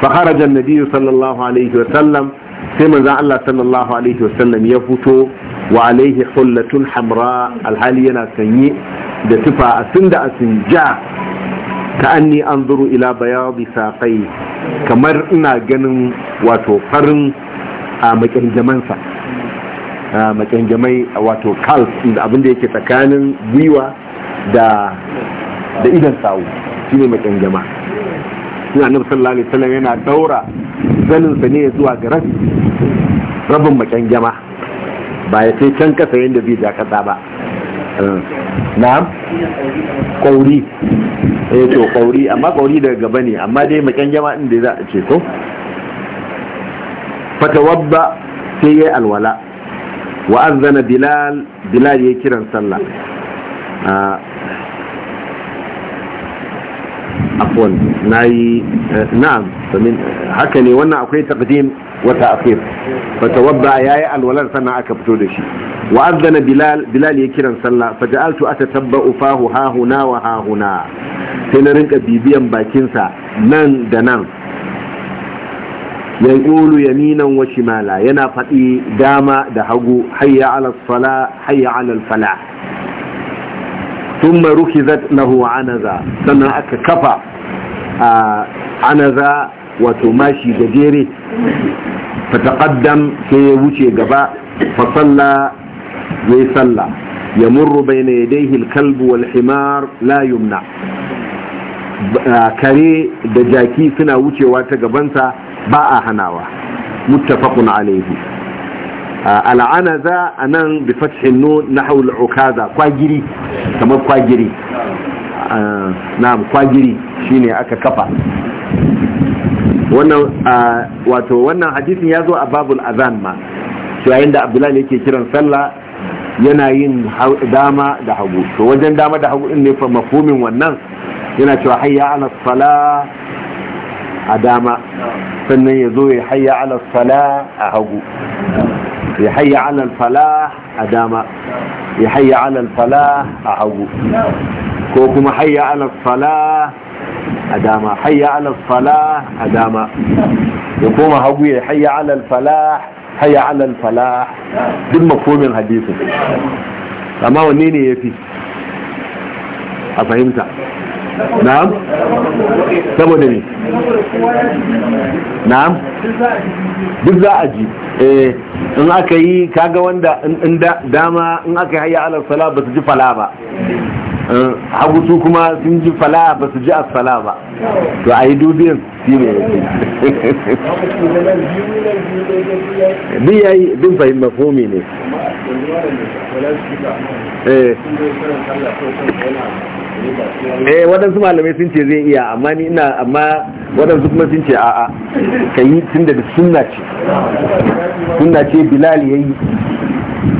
faharajan nabiyyu sallallahu alaihi wasallam sai manzo Allah sallallahu alaihi wasallam ya fito wa alaihi hullatun hamra alhali yana sanye da tufa asinda ja. ka an zuru ila bayadi saqai kamar ina ganin wato farin a makirjamansa a a wato calf inda abin yake tsakanin gwiwa da da idan sawu shine makirjama suna nufin sallallahu alaihi yana daura zanin sa ne zuwa ga rabi rabin makirjama ba ya sai can kasa yadda zai ja kasa ba Na kauri eh to kauri amma kauri daga gaba ne amma dai makan jama din da za a ce ko fatawabba sai yayi alwala wa azana bilal bilal ya kiran sallah ah, afwan eh, na'am eh, haka ne wannan akwai taqdim wata ta'khir fatawadda yayi alwalar sannan aka fito da shi wa azana bilal bilal ya kiran sallah faja'altu atatabba'u fahu hahuna wa hahuna. sai na rinka bibiyan bakin sa nan da nan yanqulu yaminan wa shimala yana fadi dama da hagu hayya ala sala hayya ala al falah sun maruki lahu anaza sannan aka kafa a anaza wato mashi gajere fataƙaddam sai ya wuce gaba fasalla ya yi salla ya murru bai na yadaihi kalbu wal himar kare da jaki suna wucewa ta gabansa ba a hanawa muttafaqun alaihi za a nan bi fashin nun na haul ukaza kwagiri kamar kwagiri na kwagiri shine aka kafa wannan wato wannan hadisin ya zo a babul azan ma su yayin da abdullahi yake kiran sallah yana yin dama da hagu to wajen dama da hagu in ne fa mafumin wannan yana cewa hayya ala sala a dama sannan ya zo ya hayya ala sala a hagu ya hayya alal falah a dama ya hayya alal falah ko kuma hayya alal falah a dama hayya alal ya koma hagu ya hayya alal falah hayya duk makomin amma wanne ne ya fi a fahimta na'am saboda ne na'am duk za a ji eh, in aka yi kaga wanda in dama in aka yi hayya ala sala ba su ji fala ba eh, hagu su kuma sun ji fala ba su ji asfala ba to a yi dubin shi ne duk ya yi duk fahim mafomi ne eh eh waɗansu malamai sun ce zai iya amma ni ina amma waɗansu kuma sun ce a'a ka yi tun daga sunna ce sunna ce bilal ya yi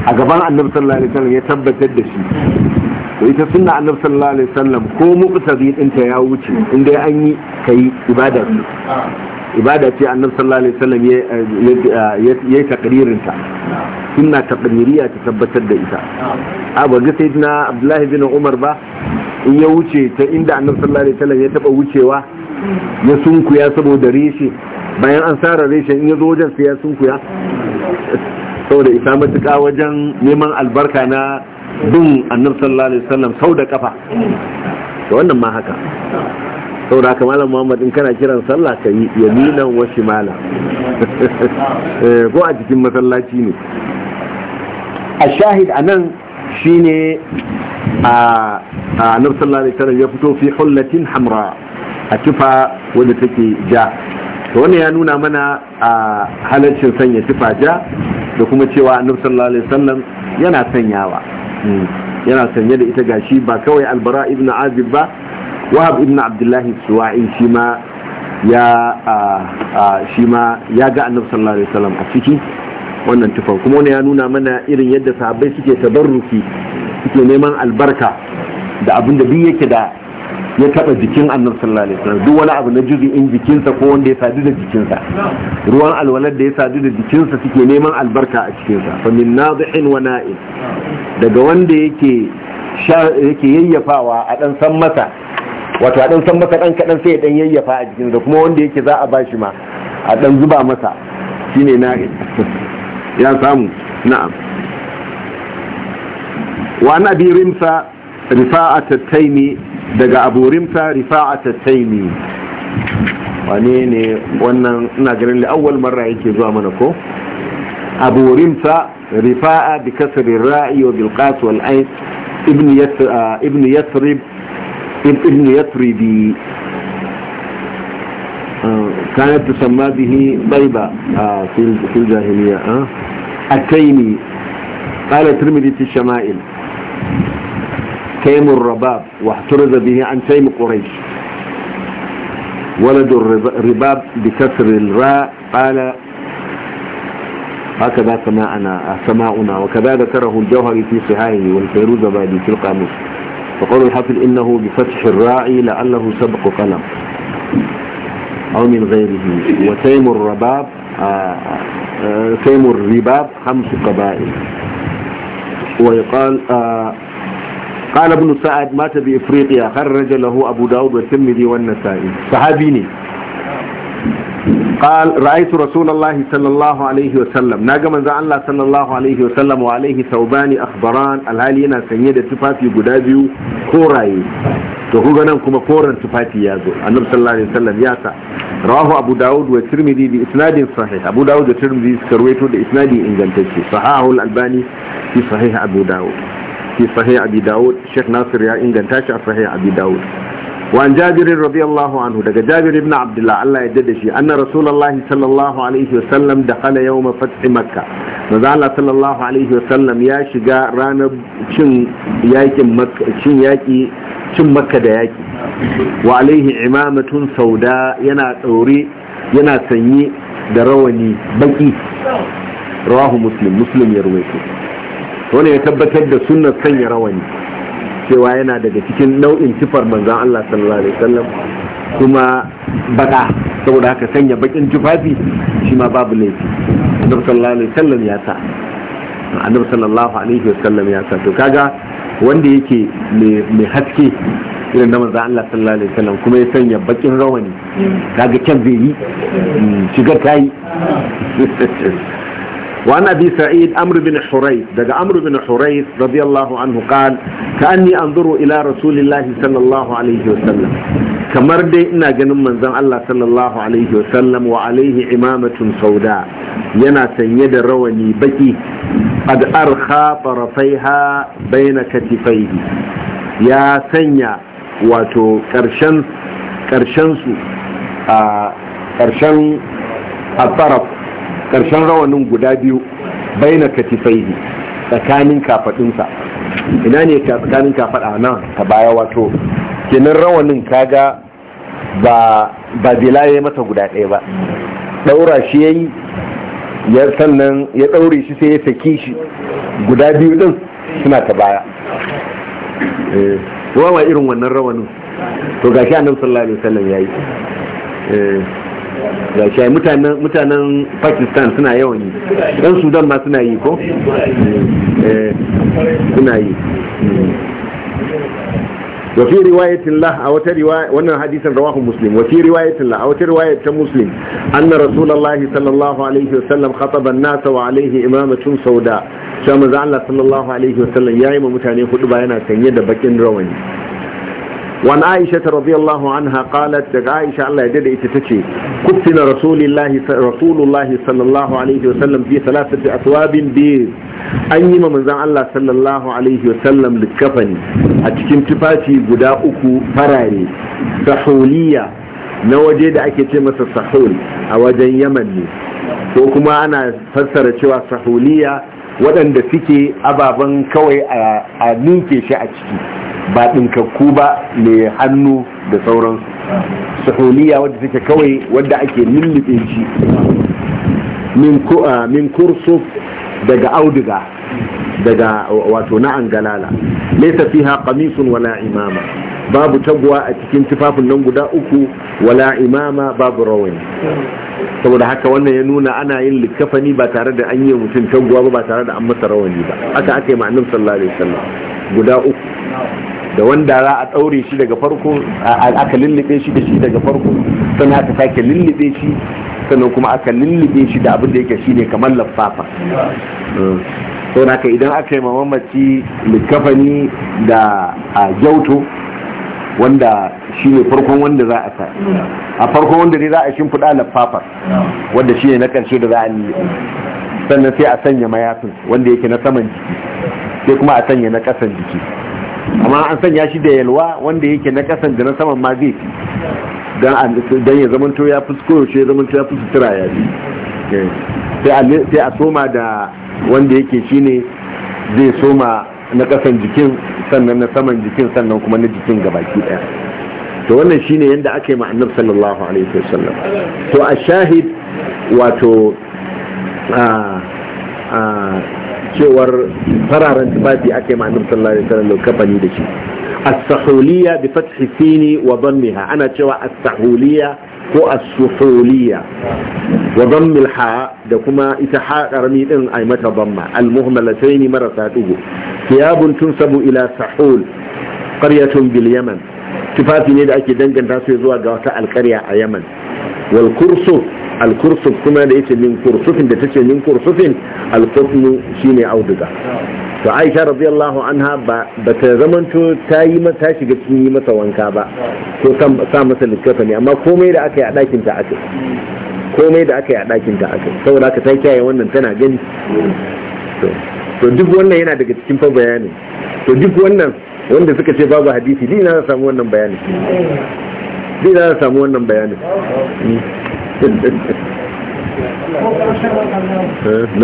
a gaban annabi sallallahu alaihi wasallam ya tabbatar da shi to ita sunna annabi sallallahu alaihi wasallam ko mu din ta ya wuce inda an yi kai ibada ibada ce annabi sallallahu alaihi wasallam ya yi takririn ta sunna taqririya ta tabbatar da ita a ba ga sayyidina abdullahi bin umar ba in ya wuce ta inda annabi sallallahu alaihi wasallam ya taba wucewa ya sunkuya saboda reshe bayan an sara reshe in ya zo wajen sai ya sunkuya saboda isa matuƙa wajen neman albarka na bin annabi sallallahu alaihi wasallam sau da kafa to wannan ma haka saboda haka malam muhammad in kana kiran sallah ka yi yaminan wa shimala <laughs> eh, ko a cikin masallaci ne a shahid a nan shi ne a nafsallah da ya fito fi hullatin hamra a tufa wadda take ja wannan ya nuna mana a halarcin sanya tufa ja da kuma cewa nafsallah da sallam yana sanyawa hmm. yana sanye da ita gashi ba kawai albara ibn azib ba wahab ibn abdullahi suwa'i shi ma ya shi ma ya ga annabi sallallahu alaihi wasallam a ciki wannan tufan kuma wani ya nuna mana irin yadda sahabbai suke tabarruki suke neman albarka da abin da yake da ya taba jikin annabi sallallahu alaihi wasallam duk wani abu na in jikinsa ko wanda ya sadu da jikinsa ruwan alwalad da ya sadu da jikinsa suke neman albarka a sa fa min nadihin wa na'in daga wanda yake yake yayyafawa a dan san masa wato a dan san masa dan kadan sai ya dan yayyafa a jikin da kuma wanda yake za a bashi ma a dan zuba masa shine na <laughs> ya samu na'am wa na bi rimsa rifa'at at-taymi daga abu rimsa rifa'at at-taymi wane ne wannan ina ganin da awwal marra yake zuwa mana ko abu rimsa rifa'a bi kasri ra'i wa bil qas wal ayn ibn ah, yasrib ابن يثربي آه، كانت تسمى به ضيبة آه، في الجاهلية آه، التيمي قال ترمدي في الشمائل تيم الرباب واحترز به عن تيم قريش ولد الرباب بكسر الراء قال هكذا سماعنا سماؤنا وكذا ذكره الجوهري في صحائه والفيروزبادي في القاموس فقول الحافل إنه بفتح الراعي لعله سبق قلم أو من غيره وتيم الرباب آه، آه، تيم الرباب خمس قبائل ويقال آه، قال ابن سعد مات بإفريقيا خرج له أبو داود والترمذي والنسائي صحابيني قال رأيت رسول الله صلى الله عليه وسلم ناقم ذا الله صلى الله عليه وسلم وعليه ثوبان أخبران الهالي ينا سنيدة تفاتي قدابيو كوراي تقول قنام كما كورا تفاتي يازو النبي صلى الله عليه وسلم ياسا رواه أبو داود والترمذي بإسناد صحيح أبو داود والترمذي سكرويته بإسناد إنجلتكي صحاه الألباني في صحيح أبو داود في صحيح أبي داود شيخ ناصر يا إنجلتاش صحيح أبي داود وعن جابر رضي الله عنه دقى جابر بن عبد الله الله يددشي أن رسول الله صلى الله عليه وسلم دخل يوم فتح مكة ماذا الله صلى الله عليه وسلم يا شقاء رانا شن ياكي مكة شن ياكي شن مكة دا ياكي وعليه عمامة سوداء ينا توري ينا سني دروني بكي رواه مسلم مسلم يرويته وانا يتبتد سنة سنة رواني cewa yana daga cikin nau'in sifar manzan Allah sallallahu alaihi wasallam kuma baka saboda haka sanya bakin tufafi shi ma babu laifi annabi sallallahu alaihi wasallam ya sa annabi sallallahu alaihi wasallam ya sa to kaga wanda yake mai haske irin na manzan Allah sallallahu alaihi wasallam kuma ya sanya bakin rawani kaga kyan zai yi hmm, shigar tayi <laughs> وعن أبي سعيد أمر بن حريث دقى أمر بن حريث رضي الله عنه قال كأني أنظر إلى رسول الله صلى الله عليه وسلم kamar dai ina ganin manzon Allah sallallahu alaihi wasallam wa alaihi imamatun sauda yana sanye da rawani baki qad arkha tarafaiha baina katifaihi ya sanya wato karshen karshen su ƙarshen rawanin guda biyu baina katifaihi tsakanin kafadunsa ina ne tsakanin kafada nan ta baya wato kenan rawanin kaga ba ba bilaye mata guda ɗaya ba ɗaura shi ya ya sannan ya ɗaure shi sai ya saki shi guda biyu ɗin suna ta baya Wawa eh, wa irin wannan rawanin to gashi nan sallallahu alaihi wasallam ya yi. Eh. ga shi mutanen pakistan suna yawan yi dan sudan ma suna yi ko eh, suna yi Wafi fi riwayatin la a wata riwaya wannan hadisan rawahu muslim wafi fi riwayatin la a wata riwaya ta muslim anna rasulullahi sallallahu alaihi wasallam khataba an-nas wa alaihi imamatun sauda sai manzo Allah sallallahu alaihi wasallam ya yi ma mutane hudu ba yana sanye da bakin rawani wani aisha ta radiyallahu anha qalat daga aisha Allah ya dade ita ta ce, rasulillahi rasulullahi sallallahu alaihi wasallam fi thalathati aswabin bi an yi ma manzon Allah sallallahu alaihi wasallam likafani a cikin tufafi guda uku farare sahuliya na waje da ake ce masa sahul a wajen yaman ne ko kuma ana fassara cewa sahuliya waɗanda suke ababen kawai a ninke shi a ciki ba ɗinkakku ba mai hannu da sauransu Sahuniya wadda suke kawai wadda ake lullube shi min ah, kursu daga auduga daga wato na angalala laysa fiha qamisun wala imama babu taguwa a cikin tufafin nan guda uku wala imama babu rawani saboda haka wannan ya nuna ana yin likafani ba tare da an yi mutum taguwa ba ba tare da an masa rawani ba aka aka ma'anin sallallahu alaihi wasallam guda uku da wanda za a ɗaure shi daga farko aka lullube shi da shi daga farko sannan aka sake lullube shi sannan kuma aka lullube shi da abin da yake ne kamar laffafa mm. sau haka idan aka yi mamaci likafani da a gyauto wanda shi ne farkon wanda za a sa a farkon wanda ne za a shimfiɗa laffafar wanda shi ne na ƙarshe da za a lullube sannan sai a sanya mayafin wanda yake na saman jiki sai kuma a sanya na ƙasan jiki amma an sanya shi da yalwa wanda yake na kasan da na saman ma zai fi don ya zamanto ya fi koyaushe ya zamanto ya fi sutura ya fi eh, sai a soma da wanda yake shine zai soma na kasan jikin sannan na saman jikin sannan kuma na jikin gabaki daya to wannan shine yadda aka yi ma'anar sallallahu alaihi wasallam to a shahid wato cewar fararen tufafi ake yi ma'anar sallallahu alaihi wasallam kafani da shi as-sahuliya bi fathi sini wa dhammiha ana cewa as-sahuliya ko as-suhuliya wa dhammil ha da kuma ita ha karami din ai mata dhamma al-muhmalatayn marasa dugu thiyabun tunsabu ila sahul qaryatun bil yaman tufafi ne da ake danganta su zuwa ga wata alƙarya a yaman wal kursu al-kursuf kuma da yace min kursufin da tace min kursufin al shi ne auduga to Aisha radiyallahu anha ba ta zamanto ta yi mata shiga cikin yi masa wanka ba ko sa masa likkafa ne amma komai da aka yi a ɗakin ta aka komai da aka yi a ɗakin ta aka saboda aka ta kiyaye wannan tana gani to duk wannan yana daga cikin fa bayanin to duk wannan wanda suka ce babu hadisi dina na samu wannan bayanin dina na samu wannan bayanin <laughs> na? Eh? <laughs>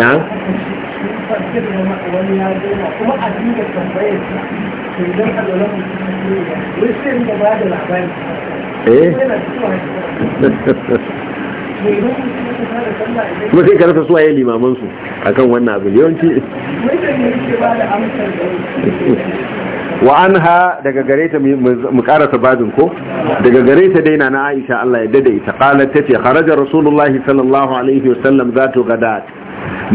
kuma sai ka rasa suwaye limamansu a kan wannan abin yawanci <laughs> wa anha daga gare ta mu karasa babin ko daga gare ta daina na Aisha Allah ya dade ita qalat tace kharaja rasulullahi sallallahu alaihi wasallam zatu gadat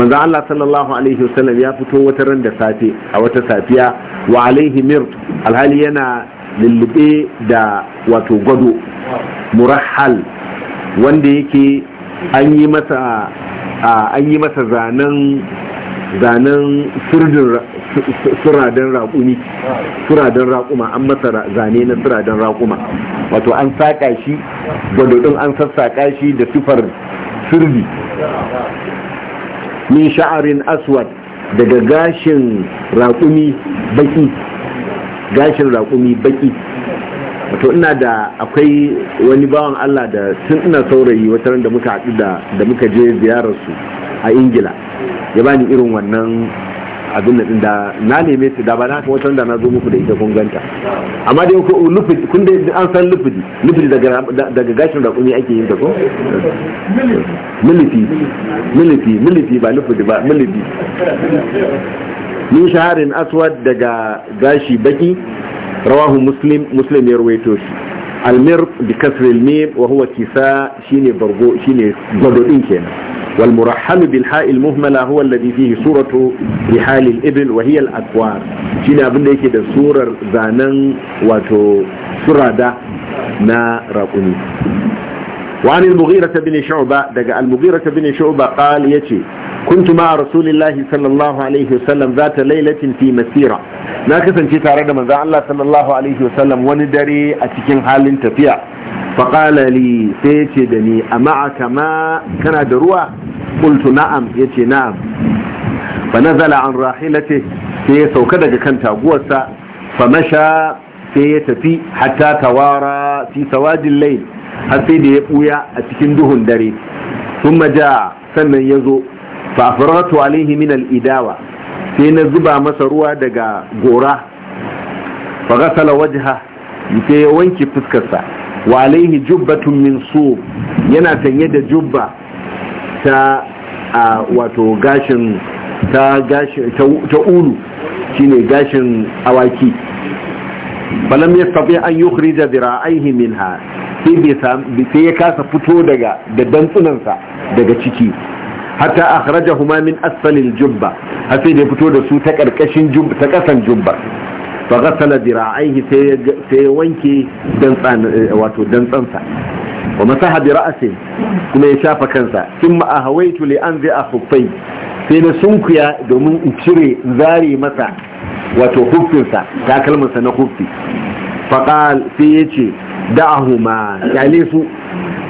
manzo Allah sallallahu alaihi wasallam ya fito wata ran da safe a wata safiya wa alaihi mirt alhali yana lullube da wato gado murahhal wanda yake an yi masa an yi masa zanen zanen suradan raƙumi suradan raƙuma an masa zane na suradan raƙuma wato an saƙa shi gwadodin an sassaƙa shi da sifar sirri min sha'arin aswad daga gashin raƙumi baki gashin raƙumi baki wato ina da akwai wani bawan allah da tun ina saurayi wata da muka haɗu da muka je ziyararsu a ingila ya bani irin wannan abin da da na neme su da ba na ka wata da na zo muku da ita kun ganta amma dai ku lufidi kun da an san lufidi lufidi daga daga gashin da kuma ake yin ta ko milifi milifi milifi ba lufidi ba milifi min shaharin aswad daga gashi baki rawahu muslim muslim ya ruwaito shi almir bi kasril mim wa kisa shine bargo gado din kenan wal murahham bil ha'il muhmala huwa alladhi fihi suratu rihal ibil ibl wa shine abin da yake da surar zanen wato surada na raƙumi وعن المغيرة بن شعبة دقى المغيرة بن شعبة قال يتي كنت مع رسول الله صلى الله عليه وسلم ذات ليلة في مسيرة ناكسا انتي تارد من ذا الله صلى الله عليه وسلم وندري أتكين حال تفيع فقال لي سيتي دني أمعك ما كان دروا قلت نعم يتي نعم فنزل عن راحلته في سوكدك كان تابوسا فمشى سيتفي حتى توارى في سواد الليل har sai da ya buya a cikin duhun dare sun maja sannan ya zo fa alaihi min al-idawa sai na zuba masa ruwa daga gora fa ghasala wajha sai ya wanke fuskarsa wa alaihi jubbatun min su yana sanye da jubba ta a wato gashin ta gashin ta ulu shine gashin awaki falam yastati an yukhrija dira'aihi minha sai ya kasa fito daga da dantsunansa daga ciki hatta akhrajahuma min asfalil jubba har sai da fito da su ta karkashin jubba ta kasan jubba fa ghassala dira'aihi sai sai wanke dantsan eh, wato dantsansa wa masaha bi ra'si kuma ya shafa kansa thumma ahawaitu li anzi akhuffai sai na sunkuya domin in cire zare masa wato hufinsa takalmansa na hufi. qal sai yace da'ahuma kyale su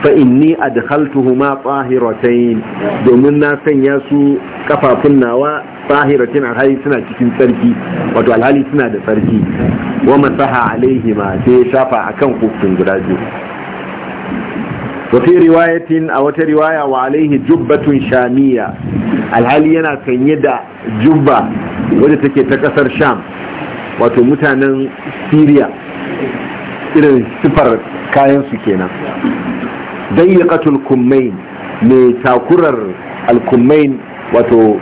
fa inni adkhaltuhuma tahiratayn domin na sanya su kafafun nawa tahiratin alhali suna cikin tsarki wato alhali suna da tsarki wa masaha alaihima sai ya shafa akan kufin guda biyu wafi riwayatin a wata riwaya wa alaihi jubbatun shamiya alhali yana sanye da Juba wadda take ta ƙasar sham wato mutanen syria irin sifar kayan su kenan dayyaqatul kummain mai takurar alkummain wato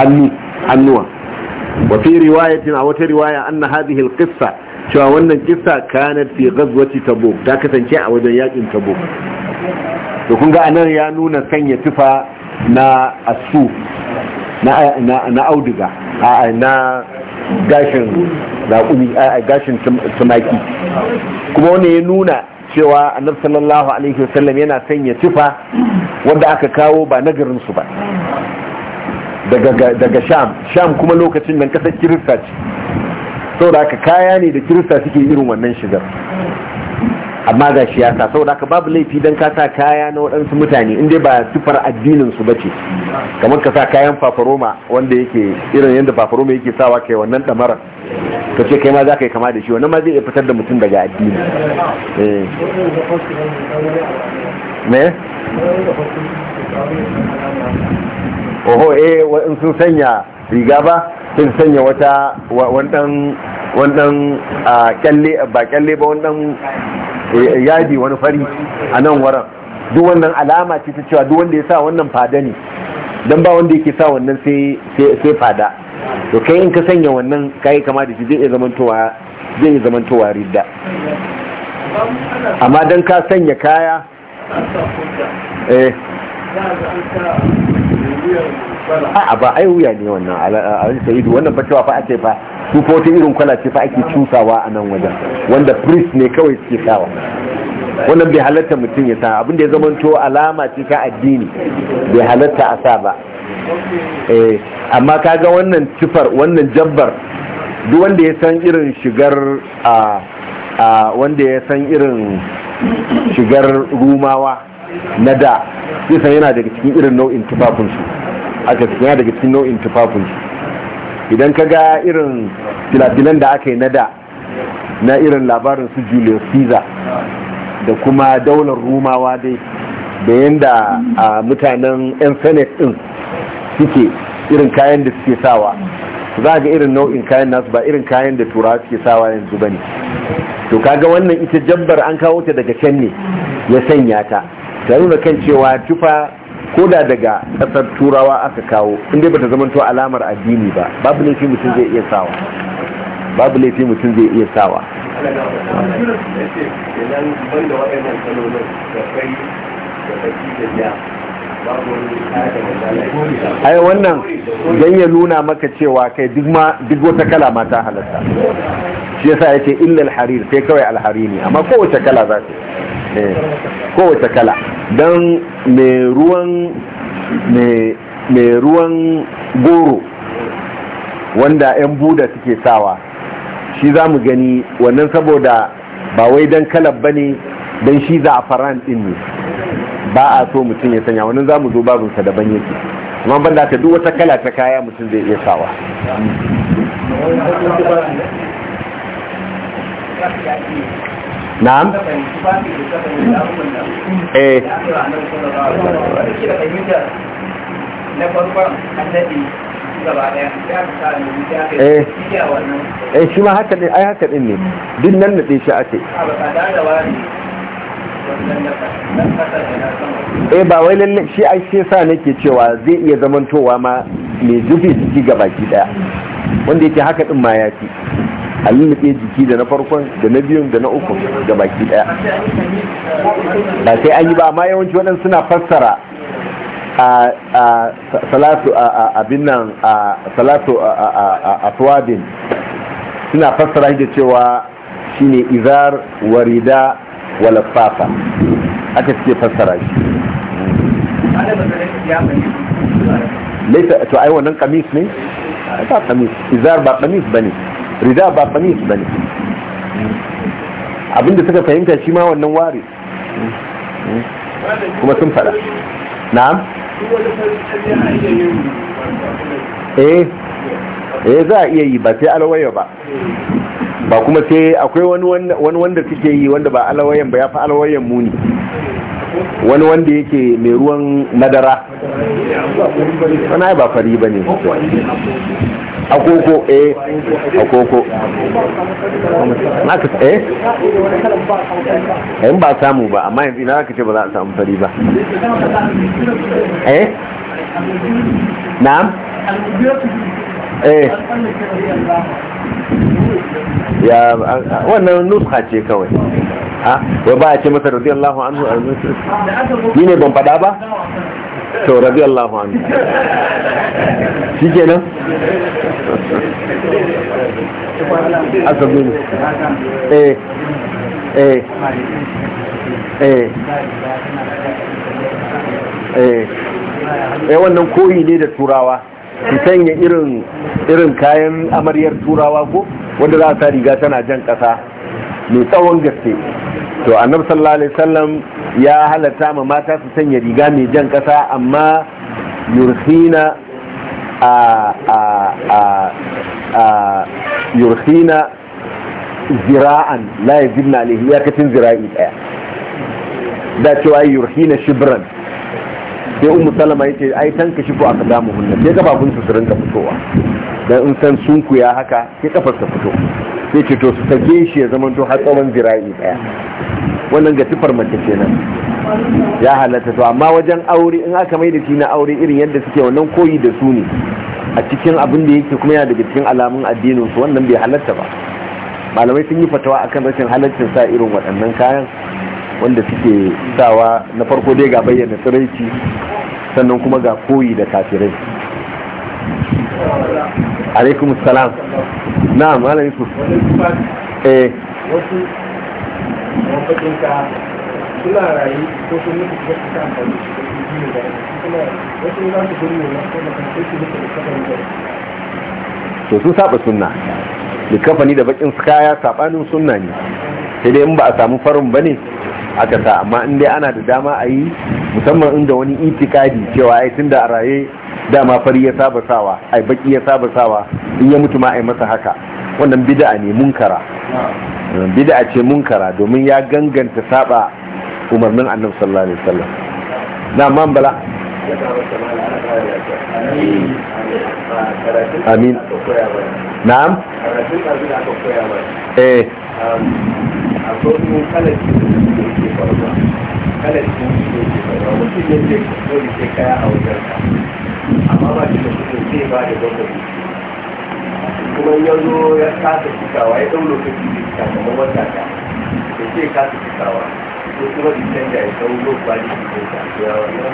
hannu hannuwa wa fi riwayatin a wata riwaya anna hadhihi alqissa cewa wannan kissa kanat fi ghazwati tabuk ta kasance a wajen yakin tabuk to kun ga anan ya nuna sanya tufa na asu na na auduga na gashin raƙumi a gashin tumaki kuma wani ya nuna cewa annab sallallahu alaihi wasallam yana sanya tufa wanda aka kawo ba na su ba daga sham sham kuma lokacin nan kasar kirista ce saboda aka kaya ne da kirista suke irin wannan shigar amma ga shi ya sa saboda ka babu laifi don ka sa kaya na waɗansu mutane inda ba fara addinin su bace kamar ka sa kayan fafaroma wanda yake irin yadda fafaroma yake sawa kai wannan damarar ka ce kai ma za ka yi kama da shi wannan ma zai iya fitar da mutum daga addini eh. me oho eh in sun sanya riga ba sun sanya wata wani dan kyalle ba kyalle ba wani Eh, yadi wani fari a nan waran duk wannan alama ce ta cewa duk wanda ya sa wannan fada ne dan ba wanda yake sa wannan sai sai fada to kai in ka sanya wannan kai kama da shi zai iya zamantowa zai iya zamantowa ridda amma dan ka sanya kaya eh a'a ba ai wuya ne wannan alhaji sayidu wannan fa cewa fa ake fa su fotin irin kwala ce fa ake cusawa a nan wajen wanda priest ne kawai suke sawa wannan bai halatta mutum ya sa abinda ya zama to alama ce ta addini bai halatta a sa ba eh, amma kaga wannan cifar wannan jabbar duk wanda ya san irin shigar a wanda ya san irin shigar rumawa na da sai san yana daga cikin irin nau'in tufafinsu aka suna daga cikin nau'in tufafin idan ka ga irin filafilan da aka yi na da na irin labarin su julius caesar da kuma daular rumawa dai da yadda a mutanen yan senate din suke irin kayan da suke sawa za ga irin nau'in kayan nasu ba irin kayan da turawa suke sawa yanzu ba ne to kaga wannan ita jabbar an kawo ta daga can ne ya sanya ta ta nuna kan cewa tufa ko da daga kasar turawa aka kawo inda bata zama to alamar addini ba babu laifi mutum zai iya sawa babu laifi mutum zai iya sawa ai wannan dan ya nuna maka cewa kai duk wata kala ma ta halatta shi yasa yake illa Harir sai kawai alhari ne amma kowace kala za ta Eh, kowace kala don mai ruwan goro wanda 'yan buda suke sawa shi za mu gani wannan saboda ba wai don kalab ba ne don shi za a faran ɗin ne ba a so mutum ya sanya wannan za mu zo babinsa daban yake amma ban da ta duk wata kala ta kaya mutum zai iya sawa na'am eh na eh. Eh. eh shi ma haka din ai haka din ne duk nan da shi ake eh ba wai lalle shi ai shi sa nake cewa zai iya zamantowa ma mai zubi jiki ga baki daya wanda yake haka din ma ya ci. a lullube jiki da na farkon da na biyun da na uku da baki daya ba sai an yi ba amma yawanci waɗansu suna fassara a salatu abin nan a salatu a tuwadin suna fassara da cewa shine izar warida walafafa aka suke fassara shi laita to ai wannan kamis ne ba kamis izar ba kamis bane rida ba kamis bane abinda suka fahimta shi ma wannan ware. kuma sun fada na'am eh eh za a iya yi ba sai alawaya ba ba kuma sai akwai wani wanda suke yi wanda ba alawayan ba ya fi alawayan muni wani wanda yake mai ruwan madara wani ba fari ba ne akoko eh akoko haka eh eh ba samu ba amma yanzu na kace ba za a samu fari ba eh na'am eh ya wannan nuska ce kawai ha ah, wai ba a ce masa radiyallahu anhu a ne ban fada ba to ke nan? shikenan asabin eh, eh eh eh eh wannan koyi ne da turawa su sanya irin kayan amaryar turawa ko wanda za a sa riga tana jan kasa mai tsawon gaske to annabi sallallahu alaihi ya halatta ma mata su sanya riga mai jan kasa amma yurhina a a a a zira'an la yajibna alayhi yakatin zira'i daya da cewa yurhina shibran sai ummu sallama yace ai tanka shi ko aka damu hunna sai gaba gababun su rinka fitowa don in san sun ya haka sai kafar ta fito sai ce to su sake shi ya zama to har tsawon zira'i daya wannan ga tufar mace kenan ya halatta to amma wajen aure in aka mai da shi na aure irin yadda suke wannan koyi da su ne a cikin abin da yake kuma yana daga cikin alamun addinin su wannan bai halatta ba malamai sun yi fatawa akan rashin halaccin sa irin waɗannan kayan wanda suke sawa na farko dai ga bayyana tsiraici sannan kuma ga koyi da kafirai alaikum salam na'am alaikum eh wasu mafakinka suna rayu ko sun mutu ko su ta amfani da shi da kuma wasu za su gudu na kuma kan sai su mutu da kafani da to sun saba sunna da kafani da bakin kaya sabanin sunna ne sai dai in ba a samu farin ba ne aka sa amma in dai ana da dama a yi musamman inda wani itikadi cewa ai tunda a raye dama fari ya saba sawa ai baki ya saba sawa in ya mutu ma ai masa haka wannan bid'a ne munkara bid'a ce munkara domin ya ganganta saba umarnin annabi sallallahu alaihi wasallam na man bala amin na'am eh kalar kuma yake faruwa mutum yake kori sai kaya a wajen amma ba shi da kuɗin zai ba da gwamnati kuma ya zo ya kasa cikawa ya ɗau lokaci da cika kamar wata ta da ce kasa cikawa ko kuma bi canja ya lokaci da ya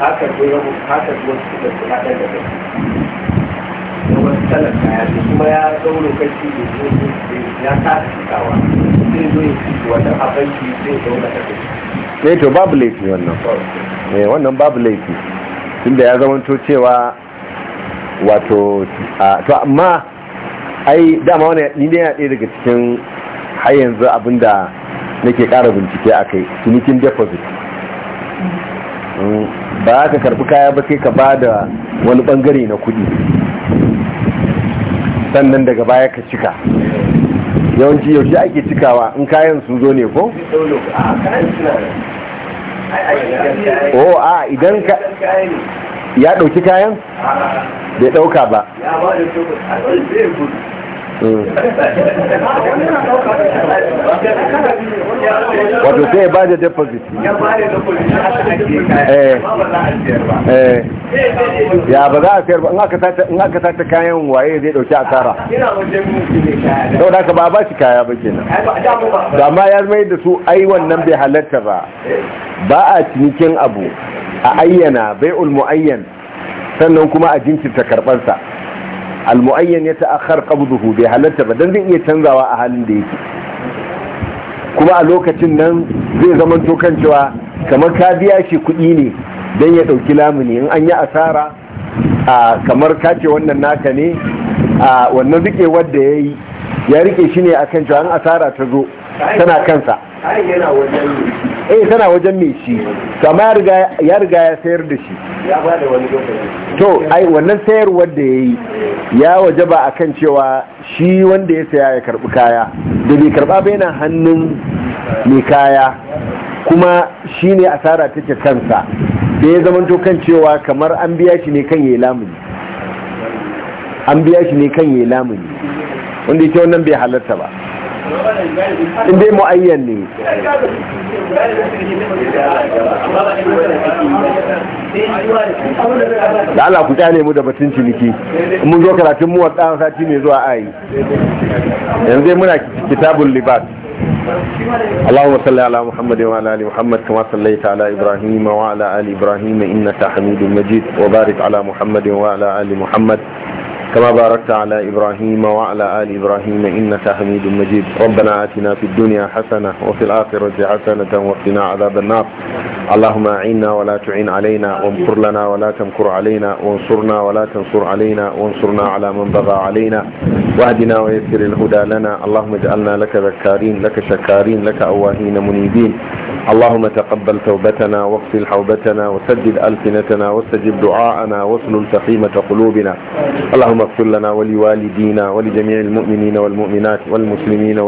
haka ko ya haka suka da ya kuma ya ɗau lokaci da ya kasa cikawa zai zo ya ci abinci zai ɗau na tafi ne eh to babu laifi wannan eh wannan babu laifi tunda ya zamanto cewa wato to amma ai dama wani ni ne ɗaya daga cikin har yanzu abinda nake ƙara bincike a kai cinikin deposit hmm, ba ka karbi kaya ba sai ka ba da wani bangare na kuɗi sannan daga baya ka cika yawanci yaushe ake cikawa in kayan sun zo ne ko? oh a ah, idan ka ya ɗauki kayan? bai ɗauka ba Mm. wato sai ba da deposit eh, eh. ya ba za a sayar ba in aka sata kayan waye zai dauki asara sau da aka ba ba shi kaya ba kenan dama ma ya mai da su ai wannan bai halatta ba ba a cinikin abu a ayyana bai ulmu ayyan sannan kuma a jinkirta karbansa almu'ayyan ya ta'akhar qabduhu bai halatta ba dan zai iya canzawa a halin da yake kuma a lokacin nan zai zama to kan cewa kamar ka biya shi kuɗi ne dan ya dauki lamuni in an yi asara a kamar ka ce wannan naka ne a wannan rike wanda yayi ya rike shi ne akan cewa an asara ta zo tana kansa eh tana wajen mai shi kamar ya riga ya sayar da shi to ai wannan sayarwar da ya yi ya waje ba akan cewa shi wanda ya saya ya karbi kaya da bai karba bayan yana hannun mai kaya kuma shi ne asara take kansa da ya zamanto kan cewa kamar an biya shi ne kan yayi lamuni an biya shi ne kan yi lamuni wanda yake wannan bai halarta ba in dai mu'ayyan ne da Allah ku tane mu da batun ciniki mun zo karatun mu wadda sati mai zuwa ayi yanzu dai muna kitabul libas اللهم صل على محمد وعلى ال محمد كما صليت على ابراهيم وعلى ال ابراهيم انك حميد مجيد وبارك على محمد وعلى ال محمد كما باركت على إبراهيم وعلى آل إبراهيم إنك حميد مجيد ربنا آتنا في الدنيا حسنة وفي الآخرة حسنة وقنا عذاب النار اللهم أعنا ولا تعين علينا وانصر لنا ولا تمكر علينا وانصرنا ولا تنصر علينا وانصرنا على من بغى علينا واهدنا ويسر الهدى لنا اللهم اجعلنا لك ذكارين لك شكارين لك أواهين منيبين اللهم تقبل توبتنا واغسل حوبتنا وسدد ألسنتنا واستجب دعاءنا واسلل سقيمة قلوبنا اللهم اللهم اغفر لنا ولوالدينا ولجميع المؤمنين والمؤمنات والمسلمين والمسلمين